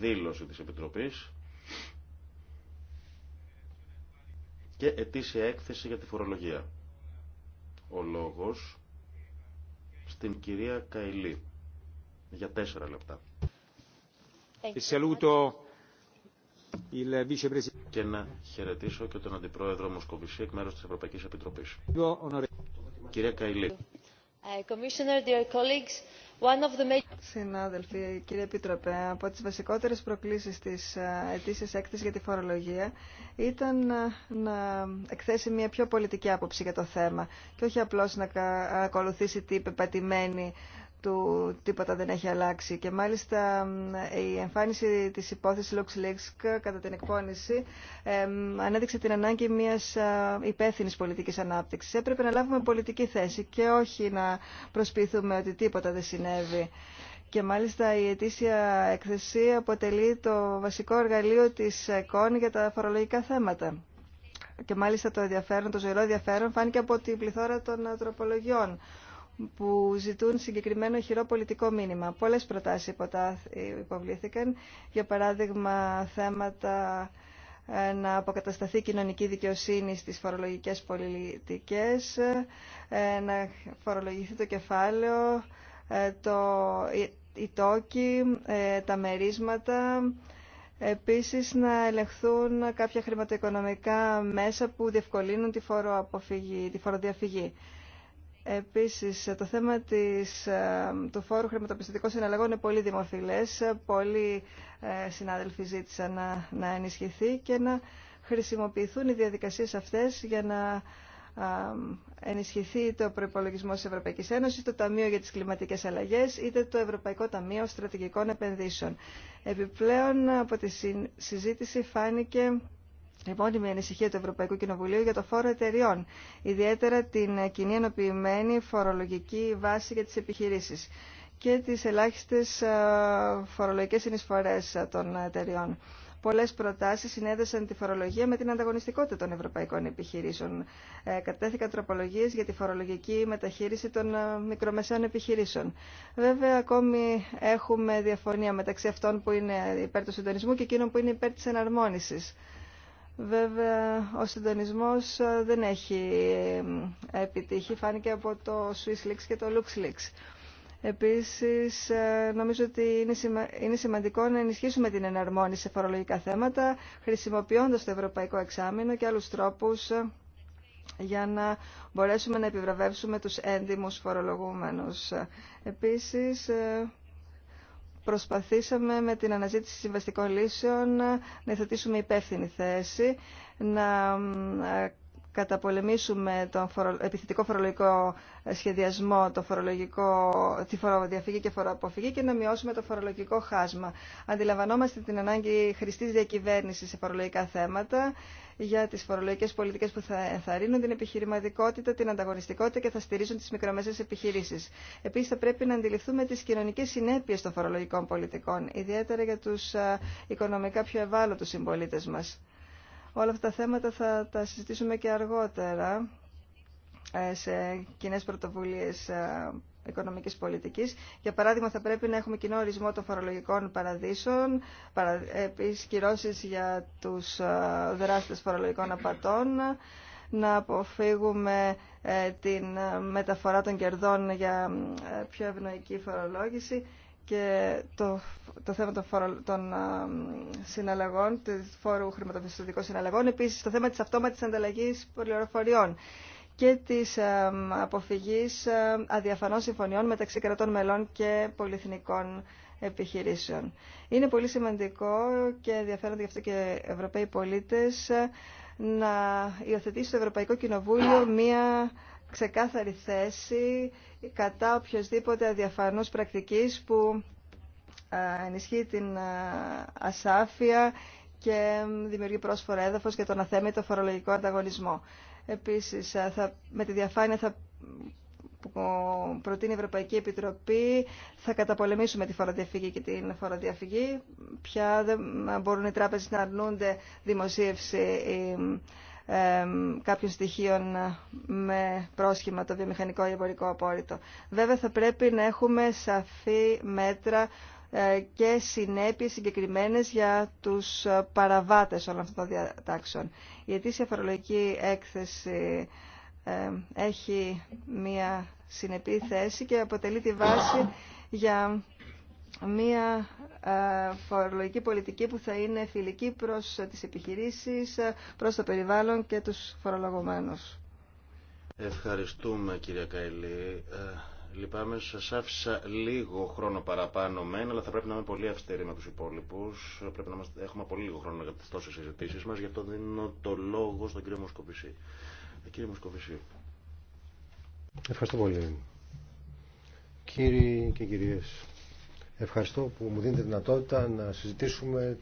δήλωση της Επιτροπής και ετήσια έκθεση για τη φορολογία. Ο λόγος στην κυρία Καηλή για τέσσερα λεπτά. Και να χαιρετήσω και τον Αντιπρόεδρο Μοσκοβισή εκ μέρους της Ευρωπαϊκής Επιτροπής. Κυρία Καηλή. Uh, Συνάδελφοι, κύριε Επίτροπε, από τις βασικότερες προκλήσεις της ε, ετήσιας έκτης για τη φορολογία ήταν ε, να εκθέσει μια πιο πολιτική άποψη για το θέμα και όχι απλώς να ακολουθήσει την πεπατημένη του τίποτα δεν έχει αλλάξει. Και μάλιστα ε, η εμφάνιση της υπόθεσης Λίξκ κατά την εκπόνηση ανέδειξε την ανάγκη μιας υπεύθυνης πολιτικής ανάπτυξης. Έπρεπε να λάβουμε πολιτική θέση και όχι να προσπίθουμε ότι τίποτα δεν συνέβη. Και μάλιστα η ετήσια εκθεσία αποτελεί το βασικό εργαλείο της ΕΚΟΝ για τα φορολογικά θέματα. Και μάλιστα το ενδιαφέρον, το ζωηρό ενδιαφέρον φάνηκε από την πληθώρα των τροπολογιών που ζητούν συγκεκριμένο χειρό πολιτικό μήνυμα. Πολλές προτάσεις υποβλήθηκαν, για παράδειγμα θέματα ε, να αποκατασταθεί κοινωνική δικαιοσύνη στις φορολογικές πολιτικές, ε, να φορολογηθεί το κεφάλαιο, ε, το, οι τα μερίσματα, επίσης να ελεγχθούν κάποια χρηματοοικονομικά μέσα που διευκολύνουν τη φοροαποφυγή, τη φοροδιαφυγή. Επίσης, το θέμα της, ε, του φόρου χρηματοπιστωτικών συναλλαγών είναι πολύ δημοφιλές. Πολλοί ε, συνάδελφοι ζήτησαν να, ενισχυθεί και να χρησιμοποιηθούν οι διαδικασίες αυτές για να ε, ενισχυθεί το προπολογισμό της Ευρωπαϊκής Ένωσης, το Ταμείο για τις Κλιματικές Αλλαγές, είτε το Ευρωπαϊκό Ταμείο Στρατηγικών Επενδύσεων. Επιπλέον, από τη συζήτηση φάνηκε η μόνιμη ανησυχία του Ευρωπαϊκού Κοινοβουλίου για το φόρο εταιριών, ιδιαίτερα την κοινή ενοποιημένη φορολογική βάση για τις επιχειρήσεις και τις ελάχιστες ε, φορολογικές συνεισφορές των εταιριών. Πολλές προτάσεις συνέδεσαν τη φορολογία με την ανταγωνιστικότητα των ευρωπαϊκών επιχειρήσεων. Ε, κατέθηκαν τροπολογίες για τη φορολογική μεταχείριση των ε, μικρομεσαίων επιχειρήσεων. Βέβαια, ακόμη έχουμε διαφωνία μεταξύ αυτών που είναι υπέρ του συντονισμού και εκείνων που είναι υπέρ της εναρμόνισης. Βέβαια, ο συντονισμός ε, δεν έχει επιτύχει, φάνηκε από το Leaks και το LuxLeaks. Επίσης, ε, νομίζω ότι είναι σημαντικό να ενισχύσουμε την εναρμόνιση σε φορολογικά θέματα, χρησιμοποιώντας το Ευρωπαϊκό Εξάμεινο και άλλους τρόπους ε, για να μπορέσουμε να επιβραβεύσουμε τους έντιμους φορολογούμενους. Επίσης, προσπαθήσαμε με την αναζήτηση συμβαστικών λύσεων να υιοθετήσουμε υπεύθυνη θέση, να καταπολεμήσουμε τον επιθετικό φορολογικό σχεδιασμό, το φορολογικό, τη φοροδιαφυγή και φοροαποφυγή και να μειώσουμε το φορολογικό χάσμα. Αντιλαμβανόμαστε την ανάγκη χρηστής διακυβέρνησης σε φορολογικά θέματα για τις φορολογικές πολιτικές που θα ενθαρρύνουν την επιχειρηματικότητα, την ανταγωνιστικότητα και θα στηρίζουν τις μικρομεσαίες επιχειρήσεις. Επίσης θα πρέπει να αντιληφθούμε τις κοινωνικέ συνέπειε των φορολογικών πολιτικών, ιδιαίτερα για τους οικονομικά πιο ευάλωτους συμπολίτε μας. Όλα αυτά τα θέματα θα τα συζητήσουμε και αργότερα ε, σε κοινέ πρωτοβουλίε οικονομικής πολιτικής. Για παράδειγμα, θα πρέπει να έχουμε κοινό ορισμό των φορολογικών παραδείσων, ε, επίσης κυρώσεις για τους ε, δράστες φορολογικών απατών, να αποφύγουμε ε, την μεταφορά των κερδών για πιο ευνοϊκή φορολόγηση και το, το θέμα των, φορο, των συναλλαγών, του φόρου χρηματοπιστωτικών συναλλαγών, επίσης το θέμα της αυτόματης ανταλλαγής πληροφοριών και της ε, αποφυγής ε, αδιαφανών συμφωνιών μεταξύ κρατών μελών και πολυεθνικών επιχειρήσεων. Είναι πολύ σημαντικό και ενδιαφέρονται γι' αυτό και Ευρωπαίοι πολίτες ε, να υιοθετήσει το Ευρωπαϊκό Κοινοβούλιο μία ξεκάθαρη θέση κατά οποιοδήποτε αδιαφανούς πρακτικής που ενισχύει την ασάφεια και δημιουργεί πρόσφορο έδαφος για τον αθέμητο φορολογικό ανταγωνισμό. Επίσης, θα, με τη διαφάνεια θα που προτείνει η Ευρωπαϊκή Επιτροπή θα καταπολεμήσουμε τη φοροδιαφυγή και την φοροδιαφυγή. Πια δεν μπορούν οι τράπεζες να αρνούνται δημοσίευση ε, ε, κάποιων στοιχείων με πρόσχημα το βιομηχανικό ή εμπορικό απόρριτο. Βέβαια θα πρέπει να έχουμε σαφή μέτρα ε, και συνέπειες συγκεκριμένες για τους ε, παραβάτες όλων αυτών των διατάξεων. Η ετήσια φορολογική έκθεση ε, έχει μία συνεπή θέση και αποτελεί τη βάση για μία φορολογική πολιτική που θα είναι φιλική προς τις επιχειρήσεις, προς το περιβάλλον και τους φορολογωμένους. Ευχαριστούμε κυρία Καηλή. Λυπάμαι, σα άφησα λίγο χρόνο παραπάνω μεν, αλλά θα πρέπει να είμαι πολύ αυστηρή με του υπόλοιπου. Πρέπει να έχουμε πολύ λίγο χρόνο για τι τόσε συζητήσει μα, γι' αυτό δίνω το λόγο στον κύριο Μοσκοβισή. Ε, κύριε Μοσκοβισή. Ευχαριστώ πολύ. Κύριοι και κυρίες, ευχαριστώ που μου δίνετε δυνατότητα να συζητήσουμε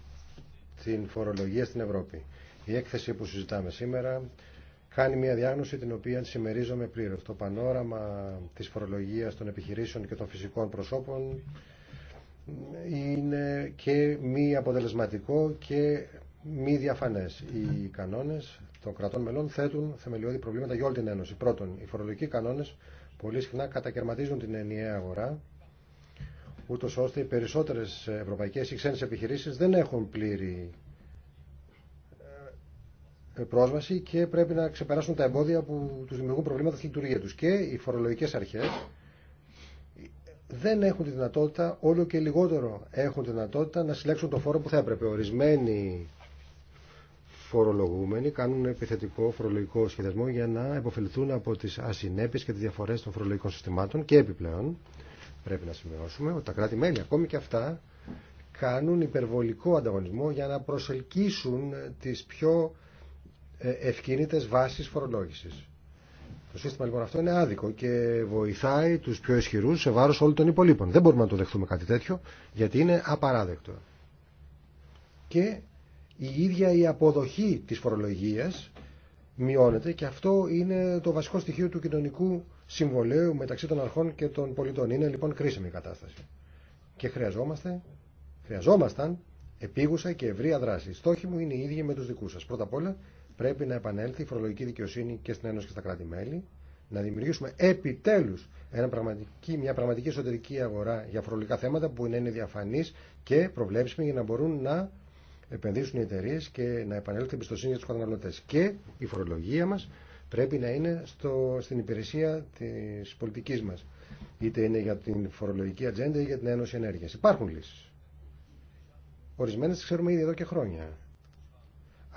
την φορολογία στην Ευρώπη. Η έκθεση που συζητάμε σήμερα κάνει μια διάγνωση την οποία συμμερίζομαι πλήρως. Το πανόραμα της φορολογία των επιχειρήσεων και των φυσικών προσώπων είναι και μη αποτελεσματικό και μη διαφανές. Οι κανόνες των κρατών μελών θέτουν θεμελιώδη προβλήματα για όλη την Ένωση. Πρώτον, οι φορολογικοί κανόνες πολύ συχνά κατακαιρματίζουν την ενιαία αγορά ούτως ώστε οι περισσότερες ευρωπαϊκές ή ξένες επιχειρήσεις δεν έχουν πλήρη ε, πρόσβαση και πρέπει να ξεπεράσουν τα εμπόδια που του δημιουργούν προβλήματα στη λειτουργία του. Και οι φορολογικέ αρχέ δεν έχουν τη δυνατότητα, όλο και λιγότερο έχουν τη δυνατότητα να συλλέξουν το φόρο που θα έπρεπε. Ορισμένοι φορολογούμενοι κάνουν επιθετικό φορολογικό σχεδιασμό για να υποφεληθούν από τι ασυνέπειες και τι διαφορέ των φορολογικών συστημάτων και επιπλέον πρέπει να σημειώσουμε ότι τα κράτη-μέλη, ακόμη και αυτά, κάνουν υπερβολικό ανταγωνισμό για να προσελκύσουν τις πιο ε, ευκίνητες βάσεις φορολόγησης. Το σύστημα λοιπόν αυτό είναι άδικο και βοηθάει τους πιο ισχυρούς σε βάρος όλων των υπολείπων. Δεν μπορούμε να το δεχτούμε κάτι τέτοιο γιατί είναι απαράδεκτο. Και η ίδια η αποδοχή της φορολογίας μειώνεται και αυτό είναι το βασικό στοιχείο του κοινωνικού συμβολέου μεταξύ των αρχών και των πολιτών. Είναι λοιπόν κρίσιμη η κατάσταση. Και χρειαζόμαστε, χρειαζόμασταν επίγουσα και ευρία δράση. Οι στόχοι μου είναι οι ίδιοι με τους δικούς σας. Πρώτα απ' όλα Πρέπει να επανέλθει η φορολογική δικαιοσύνη και στην Ένωση και στα κράτη-μέλη, να δημιουργήσουμε επιτέλου πραγματική, μια πραγματική εσωτερική αγορά για φορολογικά θέματα που να είναι διαφανή και προβλέψιμη για να μπορούν να επενδύσουν οι εταιρείε και να επανέλθει η εμπιστοσύνη για του καταναλωτές. Και η φορολογία μα πρέπει να είναι στο, στην υπηρεσία τη πολιτική μα, Είτε είναι για την φορολογική ατζέντα ή για την Ένωση ενέργεια. Υπάρχουν λύσει. Ορισμένε τι ξέρουμε ήδη εδώ και χρόνια.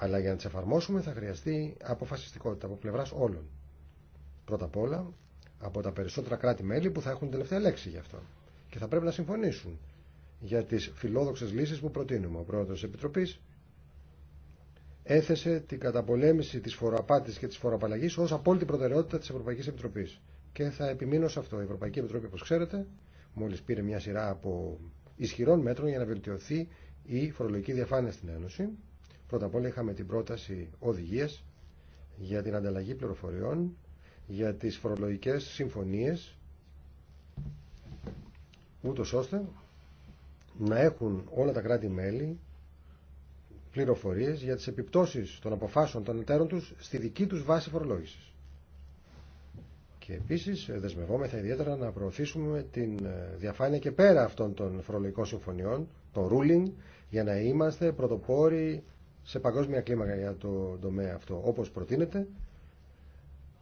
Αλλά για να τι εφαρμόσουμε θα χρειαστεί αποφασιστικότητα από πλευρά όλων. Πρώτα απ' όλα από τα περισσότερα κράτη-μέλη που θα έχουν τελευταία λέξη γι' αυτό. Και θα πρέπει να συμφωνήσουν για τι φιλόδοξε λύσει που προτείνουμε. Ο πρόεδρο τη Επιτροπής έθεσε την καταπολέμηση τη φοροαπάτης και της φοροαπαλλαγή ως απόλυτη προτεραιότητα τη Ευρωπαϊκή Επιτροπή. Και θα επιμείνω σε αυτό. Η Ευρωπαϊκή Επιτροπή, όπω ξέρετε, μόλι πήρε μια σειρά από ισχυρών μέτρων για να βελτιωθεί η φορολογική διαφάνεια στην Ένωση Πρώτα απ' όλα είχαμε την πρόταση οδηγίες για την ανταλλαγή πληροφοριών, για τις φορολογικές συμφωνίες, ούτως ώστε να έχουν όλα τα κράτη-μέλη πληροφορίες για τις επιπτώσεις των αποφάσεων των εταίρων τους στη δική τους βάση φορολόγησης. Και επίσης δεσμευόμεθα ιδιαίτερα να προωθήσουμε την ε, διαφάνεια και πέρα αυτών των φορολογικών συμφωνιών, το ruling, για να είμαστε πρωτοπόροι σε παγκόσμια κλίμακα για το τομέα αυτό, όπως προτείνεται,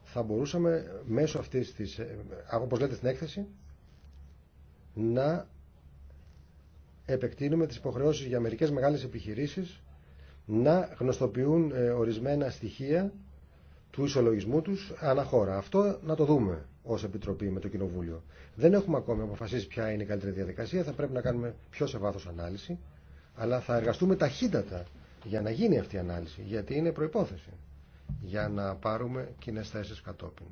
θα μπορούσαμε μέσω αυτής της, ε, όπως λέτε στην έκθεση, να επεκτείνουμε τις υποχρεώσεις για μερικές μεγάλες επιχειρήσεις να γνωστοποιούν ε, ορισμένα στοιχεία του ισολογισμού τους αναχώρα. Αυτό να το δούμε ως Επιτροπή με το Κοινοβούλιο. Δεν έχουμε ακόμη αποφασίσει ποια είναι η καλύτερη διαδικασία, θα πρέπει να κάνουμε πιο σε βάθος ανάλυση, αλλά θα εργαστούμε ταχύτατα για να γίνει αυτή η ανάλυση, γιατί είναι προϋπόθεση για να πάρουμε κοινέ θέσει κατόπιν.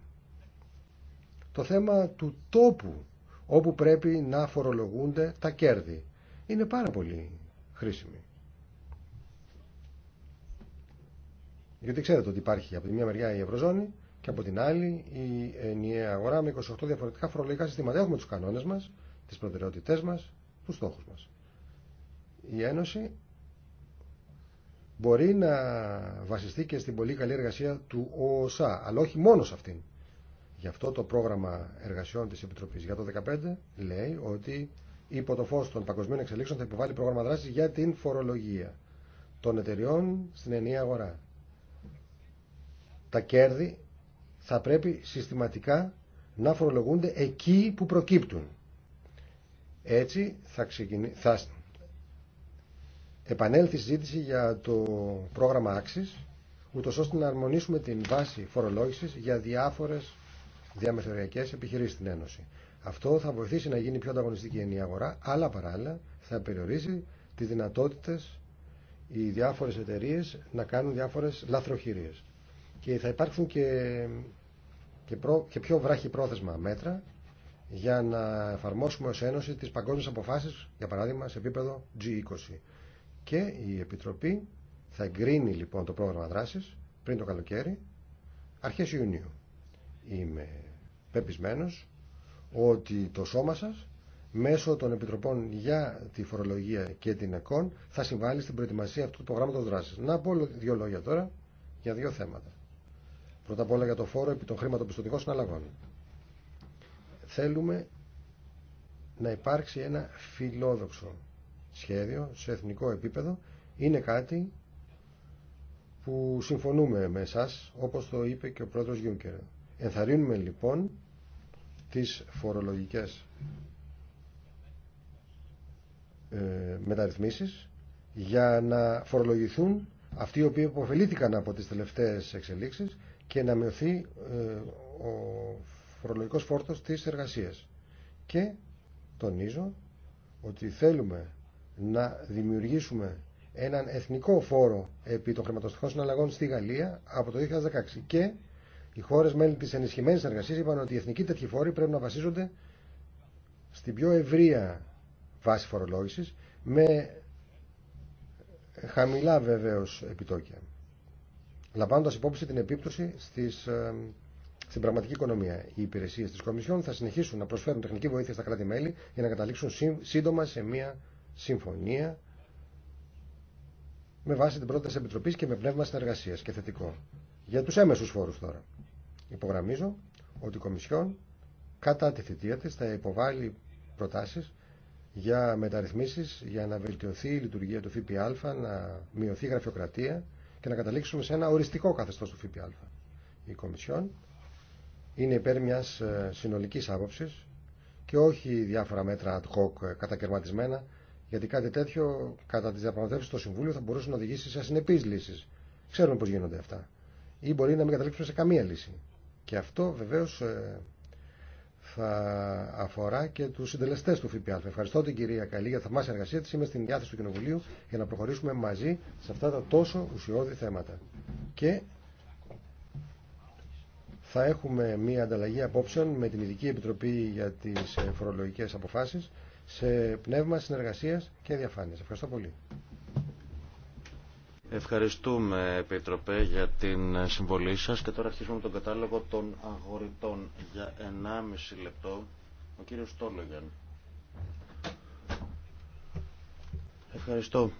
Το θέμα του τόπου όπου πρέπει να φορολογούνται τα κέρδη είναι πάρα πολύ χρήσιμη. Γιατί ξέρετε ότι υπάρχει από τη μία μεριά η Ευρωζώνη και από την άλλη η ενιαία αγορά με 28 διαφορετικά φορολογικά συστήματα. Έχουμε τους κανόνες μας, τις προτεραιότητές μας, τους στόχους μας. Η Ένωση μπορεί να βασιστεί και στην πολύ καλή εργασία του ΟΟΣΑ, αλλά όχι μόνο σε αυτήν. Γι' αυτό το πρόγραμμα εργασιών της Επιτροπής για το 2015 λέει ότι υπό το φως των παγκοσμίων εξελίξεων θα υποβάλει πρόγραμμα δράσης για την φορολογία των εταιριών στην ενιαία αγορά. Τα κέρδη θα πρέπει συστηματικά να φορολογούνται εκεί που προκύπτουν. Έτσι θα, ξεκινήσει, επανέλθει η συζήτηση για το πρόγραμμα άξης, ούτω ώστε να αρμονίσουμε την βάση φορολογηση για διάφορε διαμεθοριακές επιχειρήσει στην Ένωση. Αυτό θα βοηθήσει να γίνει πιο ανταγωνιστική η αγορά, αλλά παράλληλα θα περιορίσει τι δυνατότητε οι διάφορε εταιρείε να κάνουν διάφορε λαθροχειρίε Και θα υπάρξουν και, και, προ, και πιο βράχη πρόθεσμα μέτρα για να εφαρμόσουμε ως Ένωση τις παγκόσμιες αποφάσεις, για παράδειγμα, σε επίπεδο G20 και η Επιτροπή θα εγκρίνει λοιπόν το πρόγραμμα δράσης πριν το καλοκαίρι, αρχές Ιουνίου. Είμαι πεπισμένος ότι το σώμα σας μέσω των Επιτροπών για τη Φορολογία και την ΕΚΟΝ θα συμβάλλει στην προετοιμασία αυτού του προγράμματος δράσης. Να πω δύο λόγια τώρα για δύο θέματα. Πρώτα απ' όλα για το φόρο επί των χρηματοπιστωτικών συναλλαγών. Θέλουμε να υπάρξει ένα φιλόδοξο σχέδιο σε εθνικό επίπεδο είναι κάτι που συμφωνούμε με εσά, όπως το είπε και ο πρόεδρος Γιούγκερ. Ενθαρρύνουμε λοιπόν τις φορολογικές ε, μεταρρυθμίσεις για να φορολογηθούν αυτοί οι οποίοι υποφελήθηκαν από τις τελευταίες εξελίξεις και να μειωθεί ε, ο φορολογικός φόρτος της εργασίας. Και τονίζω ότι θέλουμε να δημιουργήσουμε έναν εθνικό φόρο επί των χρηματοστοιχών συναλλαγών στη Γαλλία από το 2016. Και οι χώρε μέλη τη ενισχυμένη εργασία είπαν ότι οι εθνικοί τέτοιοι φόροι πρέπει να βασίζονται στην πιο ευρεία βάση φορολόγηση με χαμηλά βεβαίω επιτόκια. Λαμβάνοντα υπόψη την επίπτωση στις, ε, στην πραγματική οικονομία. Οι υπηρεσίε τη Κομισιόν θα συνεχίσουν να προσφέρουν τεχνική βοήθεια στα κράτη-μέλη για να καταλήξουν σύντομα σε μια συμφωνία με βάση την πρόταση επιτροπή και με πνεύμα συνεργασία. και θετικό. Για του έμεσους φόρους τώρα. Υπογραμμίζω ότι η Κομισιόν κατά τη θητεία τη θα υποβάλει προτάσεις για μεταρρυθμίσεις, για να βελτιωθεί η λειτουργία του ΦΠΑ, να μειωθεί η γραφειοκρατία και να καταλήξουμε σε ένα οριστικό καθεστώς του ΦΠΑ. Η Κομισιόν είναι υπέρ μιας ε, συνολικής άποψης και όχι διάφορα μέτρα ad hoc ε, κατακαιρματισμένα γιατί κάτι τέτοιο κατά τι διαπραγματεύσει στο Συμβούλιο θα μπορούσε να οδηγήσει σε ασυνεπεί λύσει. Ξέρουμε πώ γίνονται αυτά. Ή μπορεί να μην καταλήξουμε σε καμία λύση. Και αυτό βεβαίω ε, θα αφορά και του συντελεστέ του ΦΠΑ. Ευχαριστώ την κυρία Καλή για τη θαυμάσια εργασία τη. Είμαι στην διάθεση του Κοινοβουλίου για να προχωρήσουμε μαζί σε αυτά τα τόσο ουσιώδη θέματα. Και θα έχουμε μία ανταλλαγή απόψεων με την Ειδική Επιτροπή για τι ε, φορολογικέ αποφάσει σε πνεύμα συνεργασίας και διαφάνειας. Ευχαριστώ πολύ. Ευχαριστούμε, Επίτροπε, για την συμβολή σας και τώρα αρχίζουμε τον κατάλογο των αγορητών για 1,5 λεπτό. Ο κύριος Τόλογιαν. Ευχαριστώ.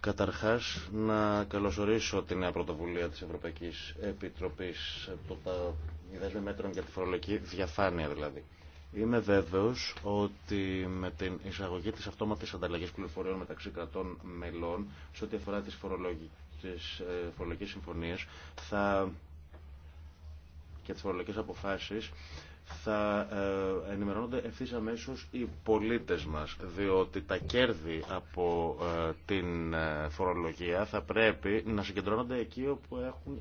Καταρχάς, να καλωσορίσω την νέα πρωτοβουλία της Ευρωπαϊκής Επιτροπής, το τα μέτρων για τη φορολογική διαφάνεια δηλαδή. Είμαι βέβαιος ότι με την εισαγωγή της αυτόματης ανταλλαγής πληροφοριών μεταξύ κρατών μελών σε ό,τι αφορά τις, ε, φορολογικέ συμφωνίε, θα... και τις φορολογικές αποφάσεις θα ε, ενημερώνονται ευθύ αμέσω οι πολίτε μα, διότι τα κέρδη από ε, την φορολογία θα πρέπει να συγκεντρώνονται εκεί όπου έχουν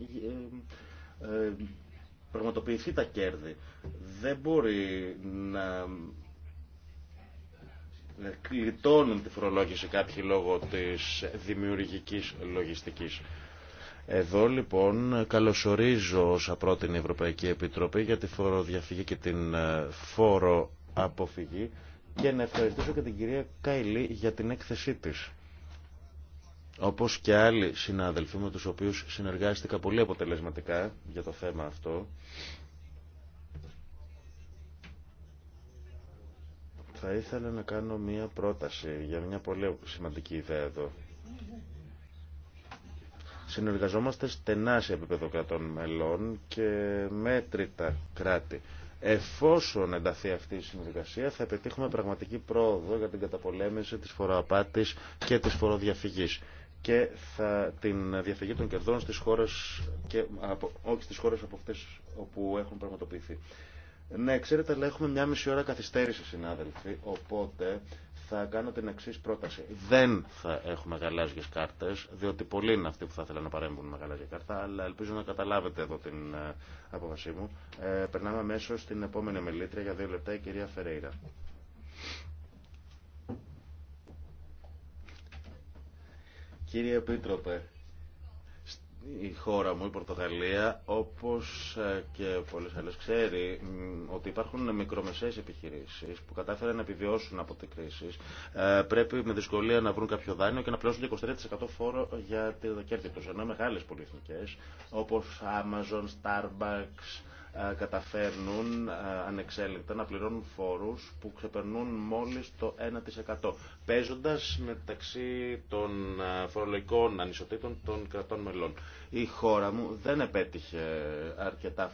πραγματοποιηθεί τα κέρδη. Δεν μπορεί να κλειτώνουν τη φορολόγηση κάποιοι λόγω της δημιουργικής λογιστικής. Εδώ λοιπόν καλωσορίζω όσα πρότεινε η Ευρωπαϊκή Επιτροπή για τη φοροδιαφυγή και την ε, φοροαποφυγή και να ευχαριστήσω και την κυρία Καϊλή για την έκθεσή της όπως και άλλοι συνάδελφοι με τους οποίους συνεργάστηκα πολύ αποτελεσματικά για το θέμα αυτό. Θα ήθελα να κάνω μία πρόταση για μια πολύ σημαντική ιδέα εδώ. Συνεργαζόμαστε στενά σε επίπεδο κρατών μελών και μέτρητα κράτη. Εφόσον ενταθεί αυτή η συνεργασία θα επιτύχουμε πραγματική πρόοδο για την καταπολέμηση της φοροαπάτης και της φοροδιαφυγής και θα την διαφυγή των κερδών στις χώρες και, όχι στις χώρες από αυτές όπου έχουν πραγματοποιηθεί. Ναι, ξέρετε, αλλά έχουμε μια μισή ώρα καθυστέρηση, συνάδελφοι, οπότε θα κάνω την εξή πρόταση. Δεν θα έχουμε γαλάζιες κάρτες, διότι πολλοί είναι αυτοί που θα ήθελαν να παρέμβουν με γαλάζια κάρτα, αλλά ελπίζω να καταλάβετε εδώ την ε, απόφασή μου. Ε, περνάμε αμέσως στην επόμενη μελήτρια για δύο λεπτά, η κυρία Φερέιρα. Κύριε Επίτροπε, η χώρα μου, η Πορτογαλία, όπως ε, και πολλές άλλες ξέρει, ότι υπάρχουν μικρομεσαίες επιχειρήσεις που κατάφεραν να επιβιώσουν από την κρίση. Ε, πρέπει με δυσκολία να βρουν κάποιο δάνειο και να πληρώσουν 23% φόρο για τη κέρδη τους. Ενώ μεγάλες πολυεθνικές, όπως Amazon, Starbucks, ε, καταφέρνουν ε, ανεξέλεγκτα να πληρώνουν φόρους που ξεπερνούν μόλις το 1% παίζοντας μεταξύ των ε, φορολογικών ανισοτήτων των κρατών μελών. Η χώρα μου δεν επέτυχε αρκετά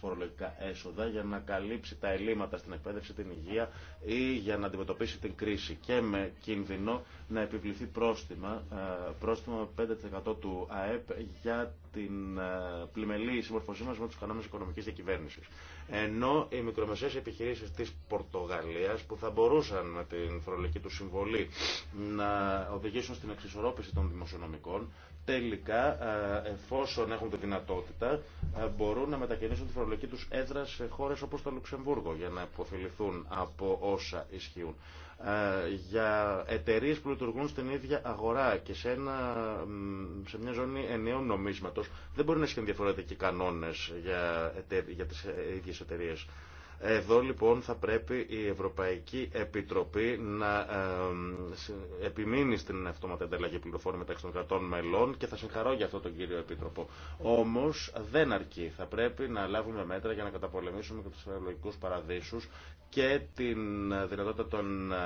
φορολογικά έσοδα για να καλύψει τα ελλείμματα στην εκπαίδευση, την υγεία ή για να αντιμετωπίσει την κρίση και με κίνδυνο να επιβληθεί πρόστιμα, ε, πρόστιμα 5% του ΑΕΠ για την ε, πλημελή συμμορφωσή μας με τους κανόνες οικονομικής διακυβέρνησης. Ενώ οι μικρομεσαίες επιχειρήσεις της Πορτογαλίας που θα μπορούσαν με την φορολογική του συμβολή να οδηγήσουν στην εξισορρόπηση των δημοσιονομικών τελικά, ε, εφόσον έχουν τη δυνατότητα, ε, μπορούν να μετακινήσουν τη φορολογική τους έδρα σε χώρες όπως το Λουξεμβούργο για να υποφεληθούν από όσα ισχύουν. Ε, για εταιρείε που λειτουργούν στην ίδια αγορά και σε, ένα, σε μια ζώνη ενιαίων νομίσματος δεν μπορεί να ισχύουν διαφορετικοί κανόνες για, για τις ίδιες εταιρείε. Εδώ λοιπόν θα πρέπει η Ευρωπαϊκή Επιτροπή να ε, επιμείνει στην αυτόματη ανταλλαγή πληροφόρων μεταξύ των κρατών μελών και θα συγχαρώ για αυτό τον κύριο Επίτροπο. Όμω δεν αρκεί. Θα πρέπει να λάβουμε μέτρα για να καταπολεμήσουμε και του φορολογικού παραδείσου και την δυνατότητα των ε,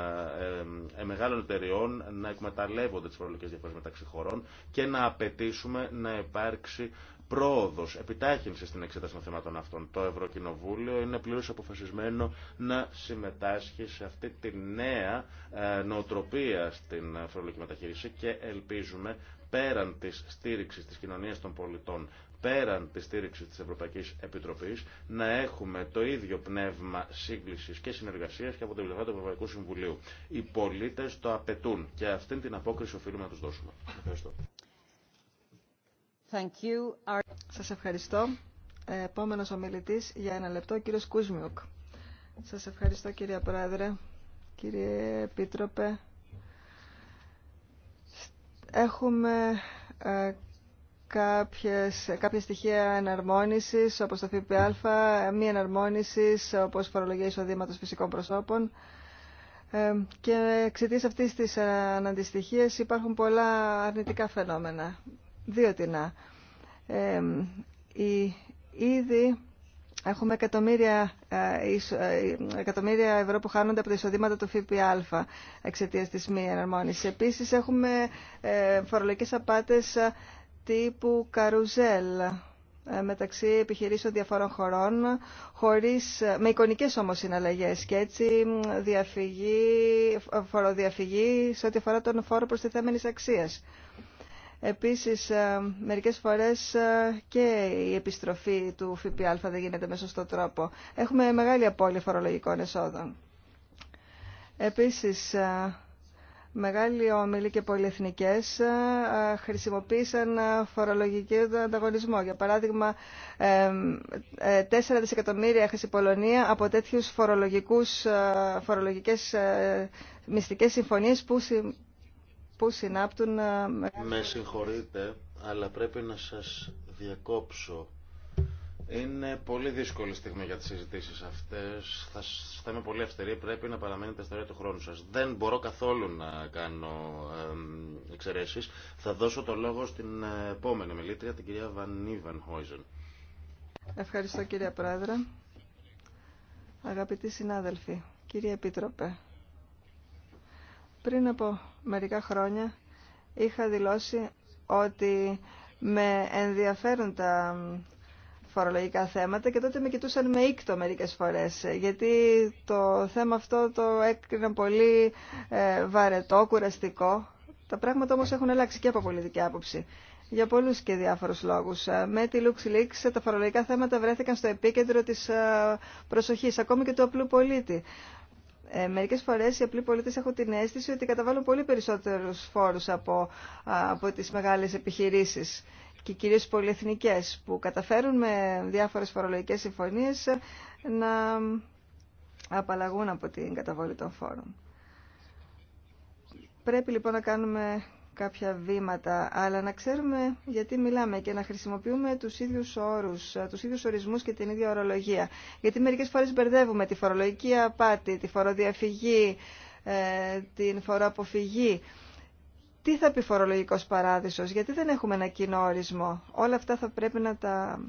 ε, μεγάλων εταιριών να εκμεταλλεύονται τι φορολογικέ διαφορέ μεταξύ χωρών και να απαιτήσουμε να υπάρξει πρόοδος, επιτάχυνση στην εξέταση των θεμάτων αυτών. Το Ευρωκοινοβούλιο είναι πλήρως αποφασισμένο να συμμετάσχει σε αυτή τη νέα ε, νοοτροπία στην φορολογική μεταχείριση και ελπίζουμε πέραν της στήριξης της κοινωνίας των πολιτών, πέραν της στήριξης της Ευρωπαϊκής Επιτροπής, να έχουμε το ίδιο πνεύμα σύγκλησης και συνεργασίας και από την πλευρά του Ευρωπαϊκού Συμβουλίου. Οι πολίτες το απαιτούν και αυτήν την απόκριση οφείλουμε να τους δώσουμε. Ευχαριστώ. Thank Σας ευχαριστώ. Επόμενος ομιλητής για ένα λεπτό, ο κύριος Κούσμιουκ. Σας ευχαριστώ κύριε Πρόεδρε, κύριε Επίτροπε. Έχουμε ε, κάποιες, κάποια στοιχεία εναρμόνισης, όπως το ΦΠΑ, μη εναρμόνισης, όπως φορολογία εισοδήματος φυσικών προσώπων. Ε, και εξαιτίας αυτής της αναντιστοιχίας υπάρχουν πολλά αρνητικά φαινόμενα δύο την Ε, η, ήδη έχουμε εκατομμύρια, ε, ε, εκατομμύρια ευρώ που χάνονται από τα εισοδήματα του ΦΠΑ εξαιτίας της μη εναρμόνισης. Επίσης έχουμε ε, φορολογικές απάτες τύπου καρουζέλ ε, μεταξύ επιχειρήσεων διαφόρων χωρών, χωρίς, με εικονικές όμως συναλλαγές και έτσι διαφυγή, φοροδιαφυγή σε ό,τι αφορά τον φόρο προστιθέμενης αξίας. Επίσης, ε, μερικές φορές ε, και η επιστροφή του ΦΠΑ δεν γίνεται με σωστό τρόπο. Έχουμε μεγάλη απώλεια φορολογικών εσόδων. Επίσης, ε, μεγάλοι όμιλοι και πολυεθνικές χρησιμοποίησαν φορολογικό ανταγωνισμό. Για παράδειγμα, 4 δισεκατομμύρια έχασε η Πολωνία από τέτοιους φορολογικούς, φορολογικές μυστικές συμφωνίες που ε, Με συγχωρείτε, αλλά πρέπει να σας διακόψω. Είναι πολύ δύσκολη στιγμή για τις συζητήσεις αυτές. Θα, είμαι πολύ αυστηρή, πρέπει να παραμένετε στα του χρόνου σας. Δεν μπορώ καθόλου να κάνω εξαιρέσεις. Θα δώσω το λόγο στην ε, επόμενη μιλήτρια, την κυρία Βανίβαν Χόιζεν. Ευχαριστώ κύριε Πρόεδρε. Αγαπητοί συνάδελφοι, κύριε Επίτροπε, πριν από μερικά χρόνια είχα δηλώσει ότι με ενδιαφέρουν τα φορολογικά θέματα και τότε με κοιτούσαν με ήκτο μερικές φορές γιατί το θέμα αυτό το έκρινα πολύ ε, βαρετό, κουραστικό. Τα πράγματα όμως έχουν αλλάξει και από πολιτική άποψη για πολλούς και διάφορους λόγους. Ε, με τη LuxLeaks ε, τα φορολογικά θέματα βρέθηκαν στο επίκεντρο της προσοχής, ακόμη και του απλού πολίτη. Ε, μερικές φορές οι απλοί πολίτες έχουν την αίσθηση ότι καταβάλουν πολύ περισσότερους φόρους από, από τις μεγάλες επιχειρήσεις και κυρίως πολυεθνικές που καταφέρουν με διάφορες φορολογικές συμφωνίες να απαλλαγούν από την καταβολή των φόρων. Πρέπει λοιπόν να κάνουμε κάποια βήματα, αλλά να ξέρουμε γιατί μιλάμε και να χρησιμοποιούμε τους ίδιους όρους, τους ίδιους ορισμούς και την ίδια ορολογία. Γιατί μερικές φορές μπερδεύουμε τη φορολογική απάτη, τη φοροδιαφυγή, ε, την φοροαποφυγή. Τι θα πει φορολογικό παράδεισος, γιατί δεν έχουμε ένα κοινό ορισμό. Όλα αυτά θα πρέπει να τα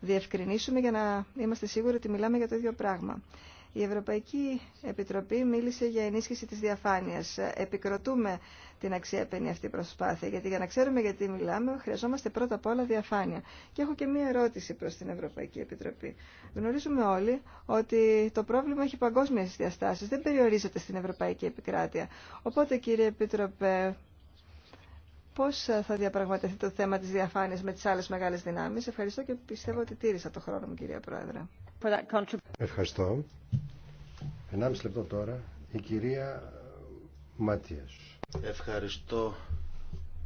διευκρινίσουμε για να είμαστε σίγουροι ότι μιλάμε για το ίδιο πράγμα. Η Ευρωπαϊκή Επιτροπή μίλησε για ενίσχυση της διαφάνειας. Επικροτούμε την αξιέπαινη αυτή προσπάθεια, γιατί για να ξέρουμε γιατί μιλάμε χρειαζόμαστε πρώτα απ' όλα διαφάνεια. Και έχω και μία ερώτηση προς την Ευρωπαϊκή Επιτροπή. Γνωρίζουμε όλοι ότι το πρόβλημα έχει παγκόσμιες διαστάσει. δεν περιορίζεται στην Ευρωπαϊκή Επικράτεια. Οπότε κύριε Επίτροπε, πώς θα διαπραγματευτεί το θέμα της διαφάνειας με τις άλλες μεγάλες δυνάμεις. Ευχαριστώ και πιστεύω ότι τήρησα το χρόνο μου κυρία Πρόεδρε. Ευχαριστώ. Ενάμιση λεπτό τώρα η κυρία Ματίας. Ευχαριστώ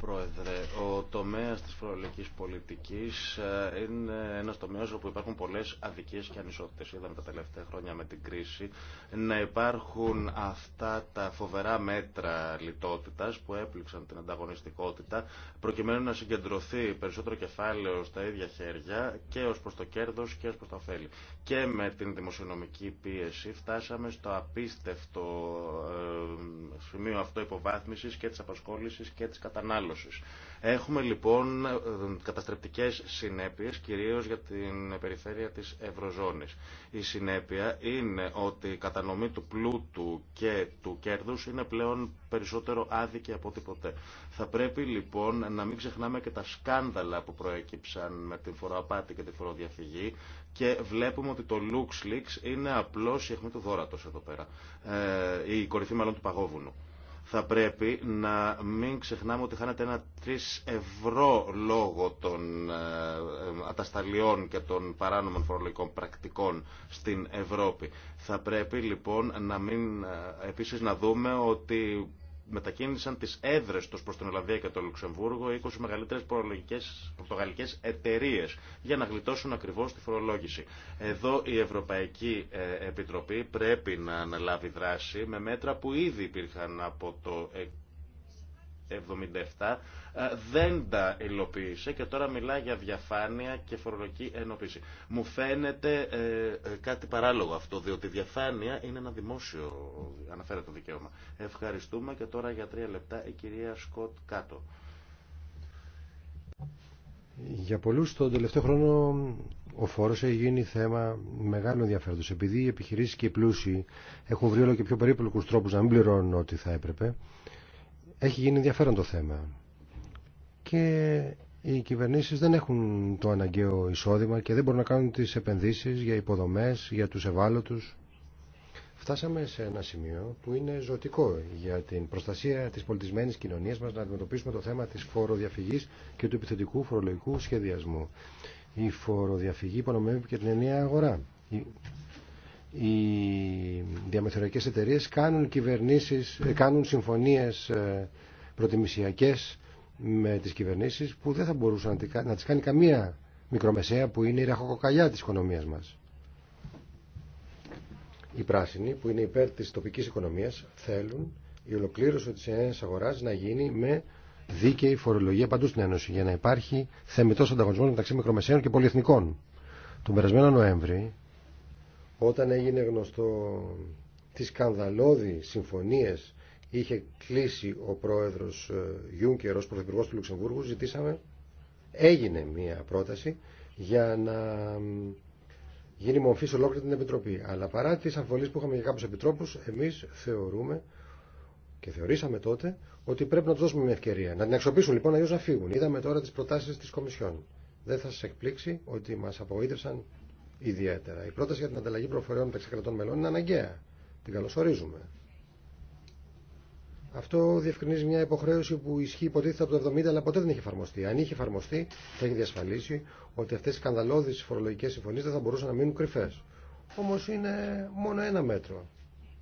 Πρόεδρε, ο τομέας της φορολογικής πολιτικής ε, είναι ένας τομέας όπου υπάρχουν πολλές αδικίες και ανισότητες. Είδαμε τα τελευταία χρόνια με την κρίση να υπάρχουν αυτά τα φοβερά μέτρα λιτότητας που έπληξαν την ανταγωνιστικότητα προκειμένου να συγκεντρωθεί περισσότερο κεφάλαιο στα ίδια χέρια και ως προς το κέρδος και ως προς το ωφέλη. Και με την δημοσιονομική πίεση φτάσαμε στο απίστευτο ε, σημείο αυτό υποβάθμισης και της απασχόλησης και της κατανάλωσης Έχουμε λοιπόν καταστρεπτικές συνέπειες, κυρίως για την περιφέρεια της Ευρωζώνης. Η συνέπεια είναι ότι η κατανομή του πλούτου και του κέρδους είναι πλέον περισσότερο άδικη από ό,τι Θα πρέπει λοιπόν να μην ξεχνάμε και τα σκάνδαλα που προέκυψαν με την φοροαπάτη και τη φοροδιαφυγή και βλέπουμε ότι το LuxLeaks είναι απλώς η αιχμή του δόρατος εδώ πέρα, ε, η κορυφή μάλλον του παγόβουνου θα πρέπει να μην ξεχνάμε ότι χάνεται ένα 3 ευρώ λόγω των ε, ε, ατασταλιών και των παράνομων φορολογικών πρακτικών στην Ευρώπη. Θα πρέπει λοιπόν να μην ε, επίσης να δούμε ότι μετακίνησαν τι έδρε του προ την Ολλανδία και το Λουξεμβούργο 20 μεγαλύτερε πορτογαλικέ εταιρείε για να γλιτώσουν ακριβώς τη φορολόγηση. Εδώ η Ευρωπαϊκή ε, Επιτροπή πρέπει να αναλάβει δράση με μέτρα που ήδη υπήρχαν από το 77 ε, δεν τα υλοποίησε και τώρα μιλά για διαφάνεια και φορολογική ενοποίηση. Μου φαίνεται ε, ε, κάτι παράλογο αυτό, διότι διαφάνεια είναι ένα δημόσιο αναφέρεται δικαίωμα. Ευχαριστούμε και τώρα για τρία λεπτά η κυρία Σκοτ Κάτω. Για πολλούς τον τελευταίο χρόνο ο φόρος έχει γίνει θέμα μεγάλο ενδιαφέροντος. Επειδή οι επιχειρήσεις και οι πλούσιοι έχουν βρει όλο και πιο περίπλοκους τρόπους να μην πληρώνουν ό,τι θα έπρεπε, έχει γίνει ενδιαφέρον το θέμα. Και οι κυβερνήσεις δεν έχουν το αναγκαίο εισόδημα και δεν μπορούν να κάνουν τις επενδύσεις για υποδομές, για τους ευάλωτους. Φτάσαμε σε ένα σημείο που είναι ζωτικό για την προστασία της πολιτισμένης κοινωνίας μας να αντιμετωπίσουμε το θέμα της φοροδιαφυγής και του επιθετικού φορολογικού σχεδιασμού. Η φοροδιαφυγή υπονομεύει και την ενιαία αγορά οι διαμεθοριακές εταιρείε κάνουν κυβερνήσεις, ε, κάνουν συμφωνίες ε, προτιμησιακές με τις κυβερνήσεις που δεν θα μπορούσαν να τις κάνει καμία μικρομεσαία που είναι η ραχοκοκαλιά της οικονομίας μας. Οι πράσινοι που είναι υπέρ της τοπικής οικονομίας θέλουν η ολοκλήρωση της ενέργειας αγοράς να γίνει με δίκαιη φορολογία παντού στην Ένωση για να υπάρχει θεμητός ανταγωνισμός μεταξύ μικρομεσαίων και πολυεθνικών. Τον περασμένο Νοέμβρη όταν έγινε γνωστό τις σκανδαλώδη συμφωνίες είχε κλείσει ο πρόεδρος ε, Γιούνκερ ως πρωθυπουργός του Λουξεμβούργου, ζητήσαμε, έγινε μία πρόταση για να γίνει μορφή σε ολόκληρη την Επιτροπή. Αλλά παρά τις αμφιβολίες που είχαμε για κάποιους επιτρόπους, εμείς θεωρούμε και θεωρήσαμε τότε ότι πρέπει να του δώσουμε μια ευκαιρία. Να την αξιοποιήσουν λοιπόν, αλλιώ να φύγουν. Είδαμε τώρα τι προτάσει τη Κομισιόν. Δεν θα σα εκπλήξει ότι μα απογοήτευσαν ιδιαίτερα. Η πρόταση για την ανταλλαγή προφορών μεταξύ κρατών μελών είναι αναγκαία. Την καλωσορίζουμε. Αυτό διευκρινίζει μια υποχρέωση που ισχύει υποτίθεται από το 70 αλλά ποτέ δεν έχει εφαρμοστεί. Αν είχε εφαρμοστεί θα έχει διασφαλίσει ότι αυτέ οι σκανδαλώδει φορολογικέ συμφωνίε δεν θα μπορούσαν να μείνουν κρυφέ. Όμω είναι μόνο ένα μέτρο.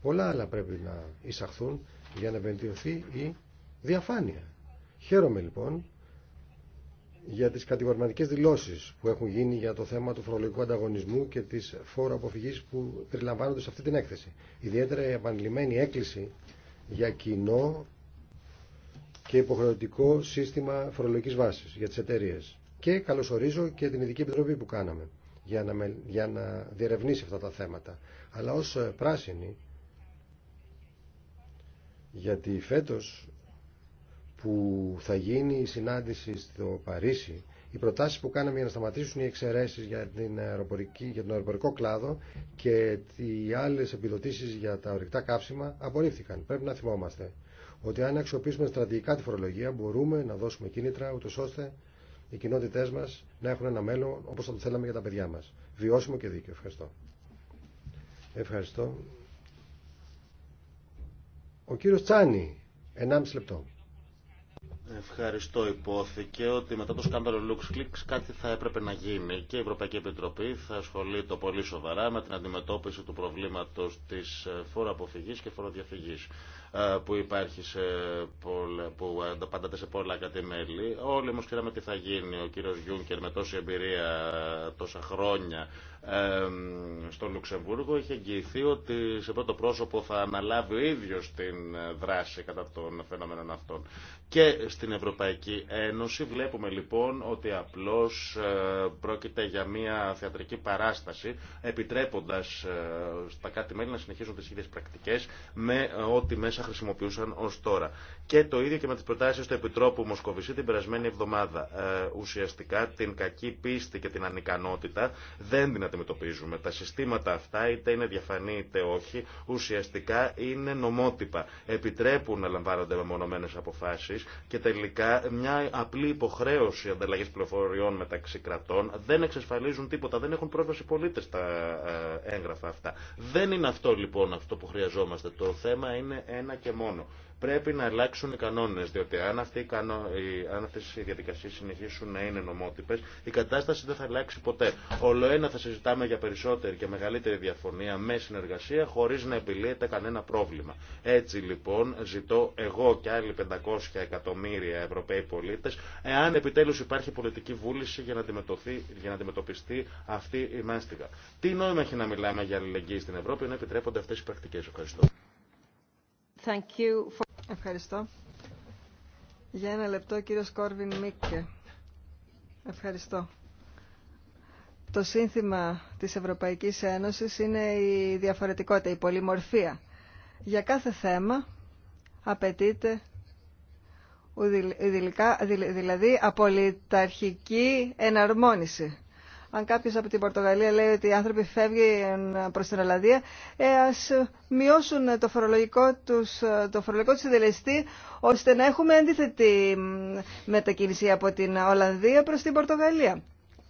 Πολλά άλλα πρέπει να εισαχθούν για να βελτιωθεί η διαφάνεια. Χαίρομαι λοιπόν για τις κατηγορηματικές δηλώσεις που έχουν γίνει για το θέμα του φορολογικού ανταγωνισμού και της φόρου αποφυγής που περιλαμβάνονται σε αυτή την έκθεση. Ιδιαίτερα η επανειλημμένη έκκληση για κοινό και υποχρεωτικό σύστημα φορολογικής βάσης για τις εταιρείε. Και καλωσορίζω και την Ειδική Επιτροπή που κάναμε για να, για να διερευνήσει αυτά τα θέματα. Αλλά ως πράσινη, γιατί φέτος που θα γίνει η συνάντηση στο Παρίσι, οι προτάσει που κάναμε για να σταματήσουν οι εξαιρέσει για, την αεροπορική, για τον αεροπορικό κλάδο και οι άλλες επιδοτήσεις για τα ορυκτά καύσιμα απορρίφθηκαν. Πρέπει να θυμόμαστε ότι αν αξιοποιήσουμε στρατηγικά τη φορολογία μπορούμε να δώσουμε κίνητρα ούτω ώστε οι κοινότητέ μα να έχουν ένα μέλλον όπω θα το θέλαμε για τα παιδιά μα. Βιώσιμο και δίκαιο. Ευχαριστώ. Ευχαριστώ. Ο κύριος Τσάνι, 1,5 λεπτό. Ευχαριστώ. Υπόθηκε ότι μετά το σκάνδαλο Κλικς κάτι θα έπρεπε να γίνει και η Ευρωπαϊκή Επιτροπή θα ασχολείται πολύ σοβαρά με την αντιμετώπιση του προβλήματος της ε, φόροαποφυγής και φοροδιαφυγής. Ε, που υπάρχει σε που ανταπαντάται σε πολλά κατημέλη. Όλοι όμως ξέραμε τι θα γίνει. Ο κύριος Γιούνκερ με τόση εμπειρία τόσα χρόνια στο Λουξεμβούργο είχε εγγυηθεί ότι σε πρώτο πρόσωπο θα αναλάβει ο ίδιος την δράση κατά των φαινομένων αυτών. Και στην Ευρωπαϊκή Ένωση βλέπουμε λοιπόν ότι απλώς ε, πρόκειται για μια θεατρική παράσταση επιτρέποντας ε, στα κάτι μέλη να συνεχίσουν τις ίδιες πρακτικές με ό,τι μέσα χρησιμοποιούσαν ω τώρα. Και το ίδιο και με τι προτάσει του Επιτρόπου Μοσκοβισή την περασμένη εβδομάδα. Ε, ουσιαστικά την κακή πίστη και την ανικανότητα δεν την αντιμετωπίζουμε. Τα συστήματα αυτά, είτε είναι διαφανή είτε όχι, ουσιαστικά είναι νομότυπα. Επιτρέπουν να λαμβάνονται μεμονωμένε αποφάσει και τελικά μια απλή υποχρέωση ανταλλαγή πληροφοριών μεταξύ κρατών δεν εξασφαλίζουν τίποτα. Δεν έχουν πρόσβαση πολίτε τα ε, έγγραφα αυτά. Δεν είναι αυτό λοιπόν αυτό που χρειαζόμαστε. Το θέμα είναι ένα ένα και μόνο. Πρέπει να αλλάξουν οι κανόνε, διότι αν, αυτοί, αν αυτέ οι διαδικασίε συνεχίσουν να είναι νομότυπε, η κατάσταση δεν θα αλλάξει ποτέ. Όλο ένα θα συζητάμε για περισσότερη και μεγαλύτερη διαφωνία με συνεργασία, χωρί να επιλύεται κανένα πρόβλημα. Έτσι λοιπόν, ζητώ εγώ και άλλοι 500 εκατομμύρια Ευρωπαίοι πολίτε, εάν επιτέλου υπάρχει πολιτική βούληση για να, για να αντιμετωπιστεί αυτή η μάστιγα. Τι νόημα έχει να μιλάμε για αλληλεγγύη στην Ευρώπη, να επιτρέπονται αυτέ οι πρακτικέ. Ευχαριστώ. Ευχαριστώ. Για ένα λεπτό, κύριο Κόρβιν Μίκε. Ευχαριστώ. Το σύνθημα της Ευρωπαϊκής Ένωσης είναι η διαφορετικότητα, η πολυμορφία. Για κάθε θέμα απαιτείται δηλαδή απολυταρχική εναρμόνιση αν κάποιος από την Πορτογαλία λέει ότι οι άνθρωποι φεύγουν προς την Ολλανδία, ε, ας μειώσουν το φορολογικό τους, το φορολογικό τους συντελεστή, ώστε να έχουμε αντίθετη μετακίνηση από την Ολλανδία προς την Πορτογαλία.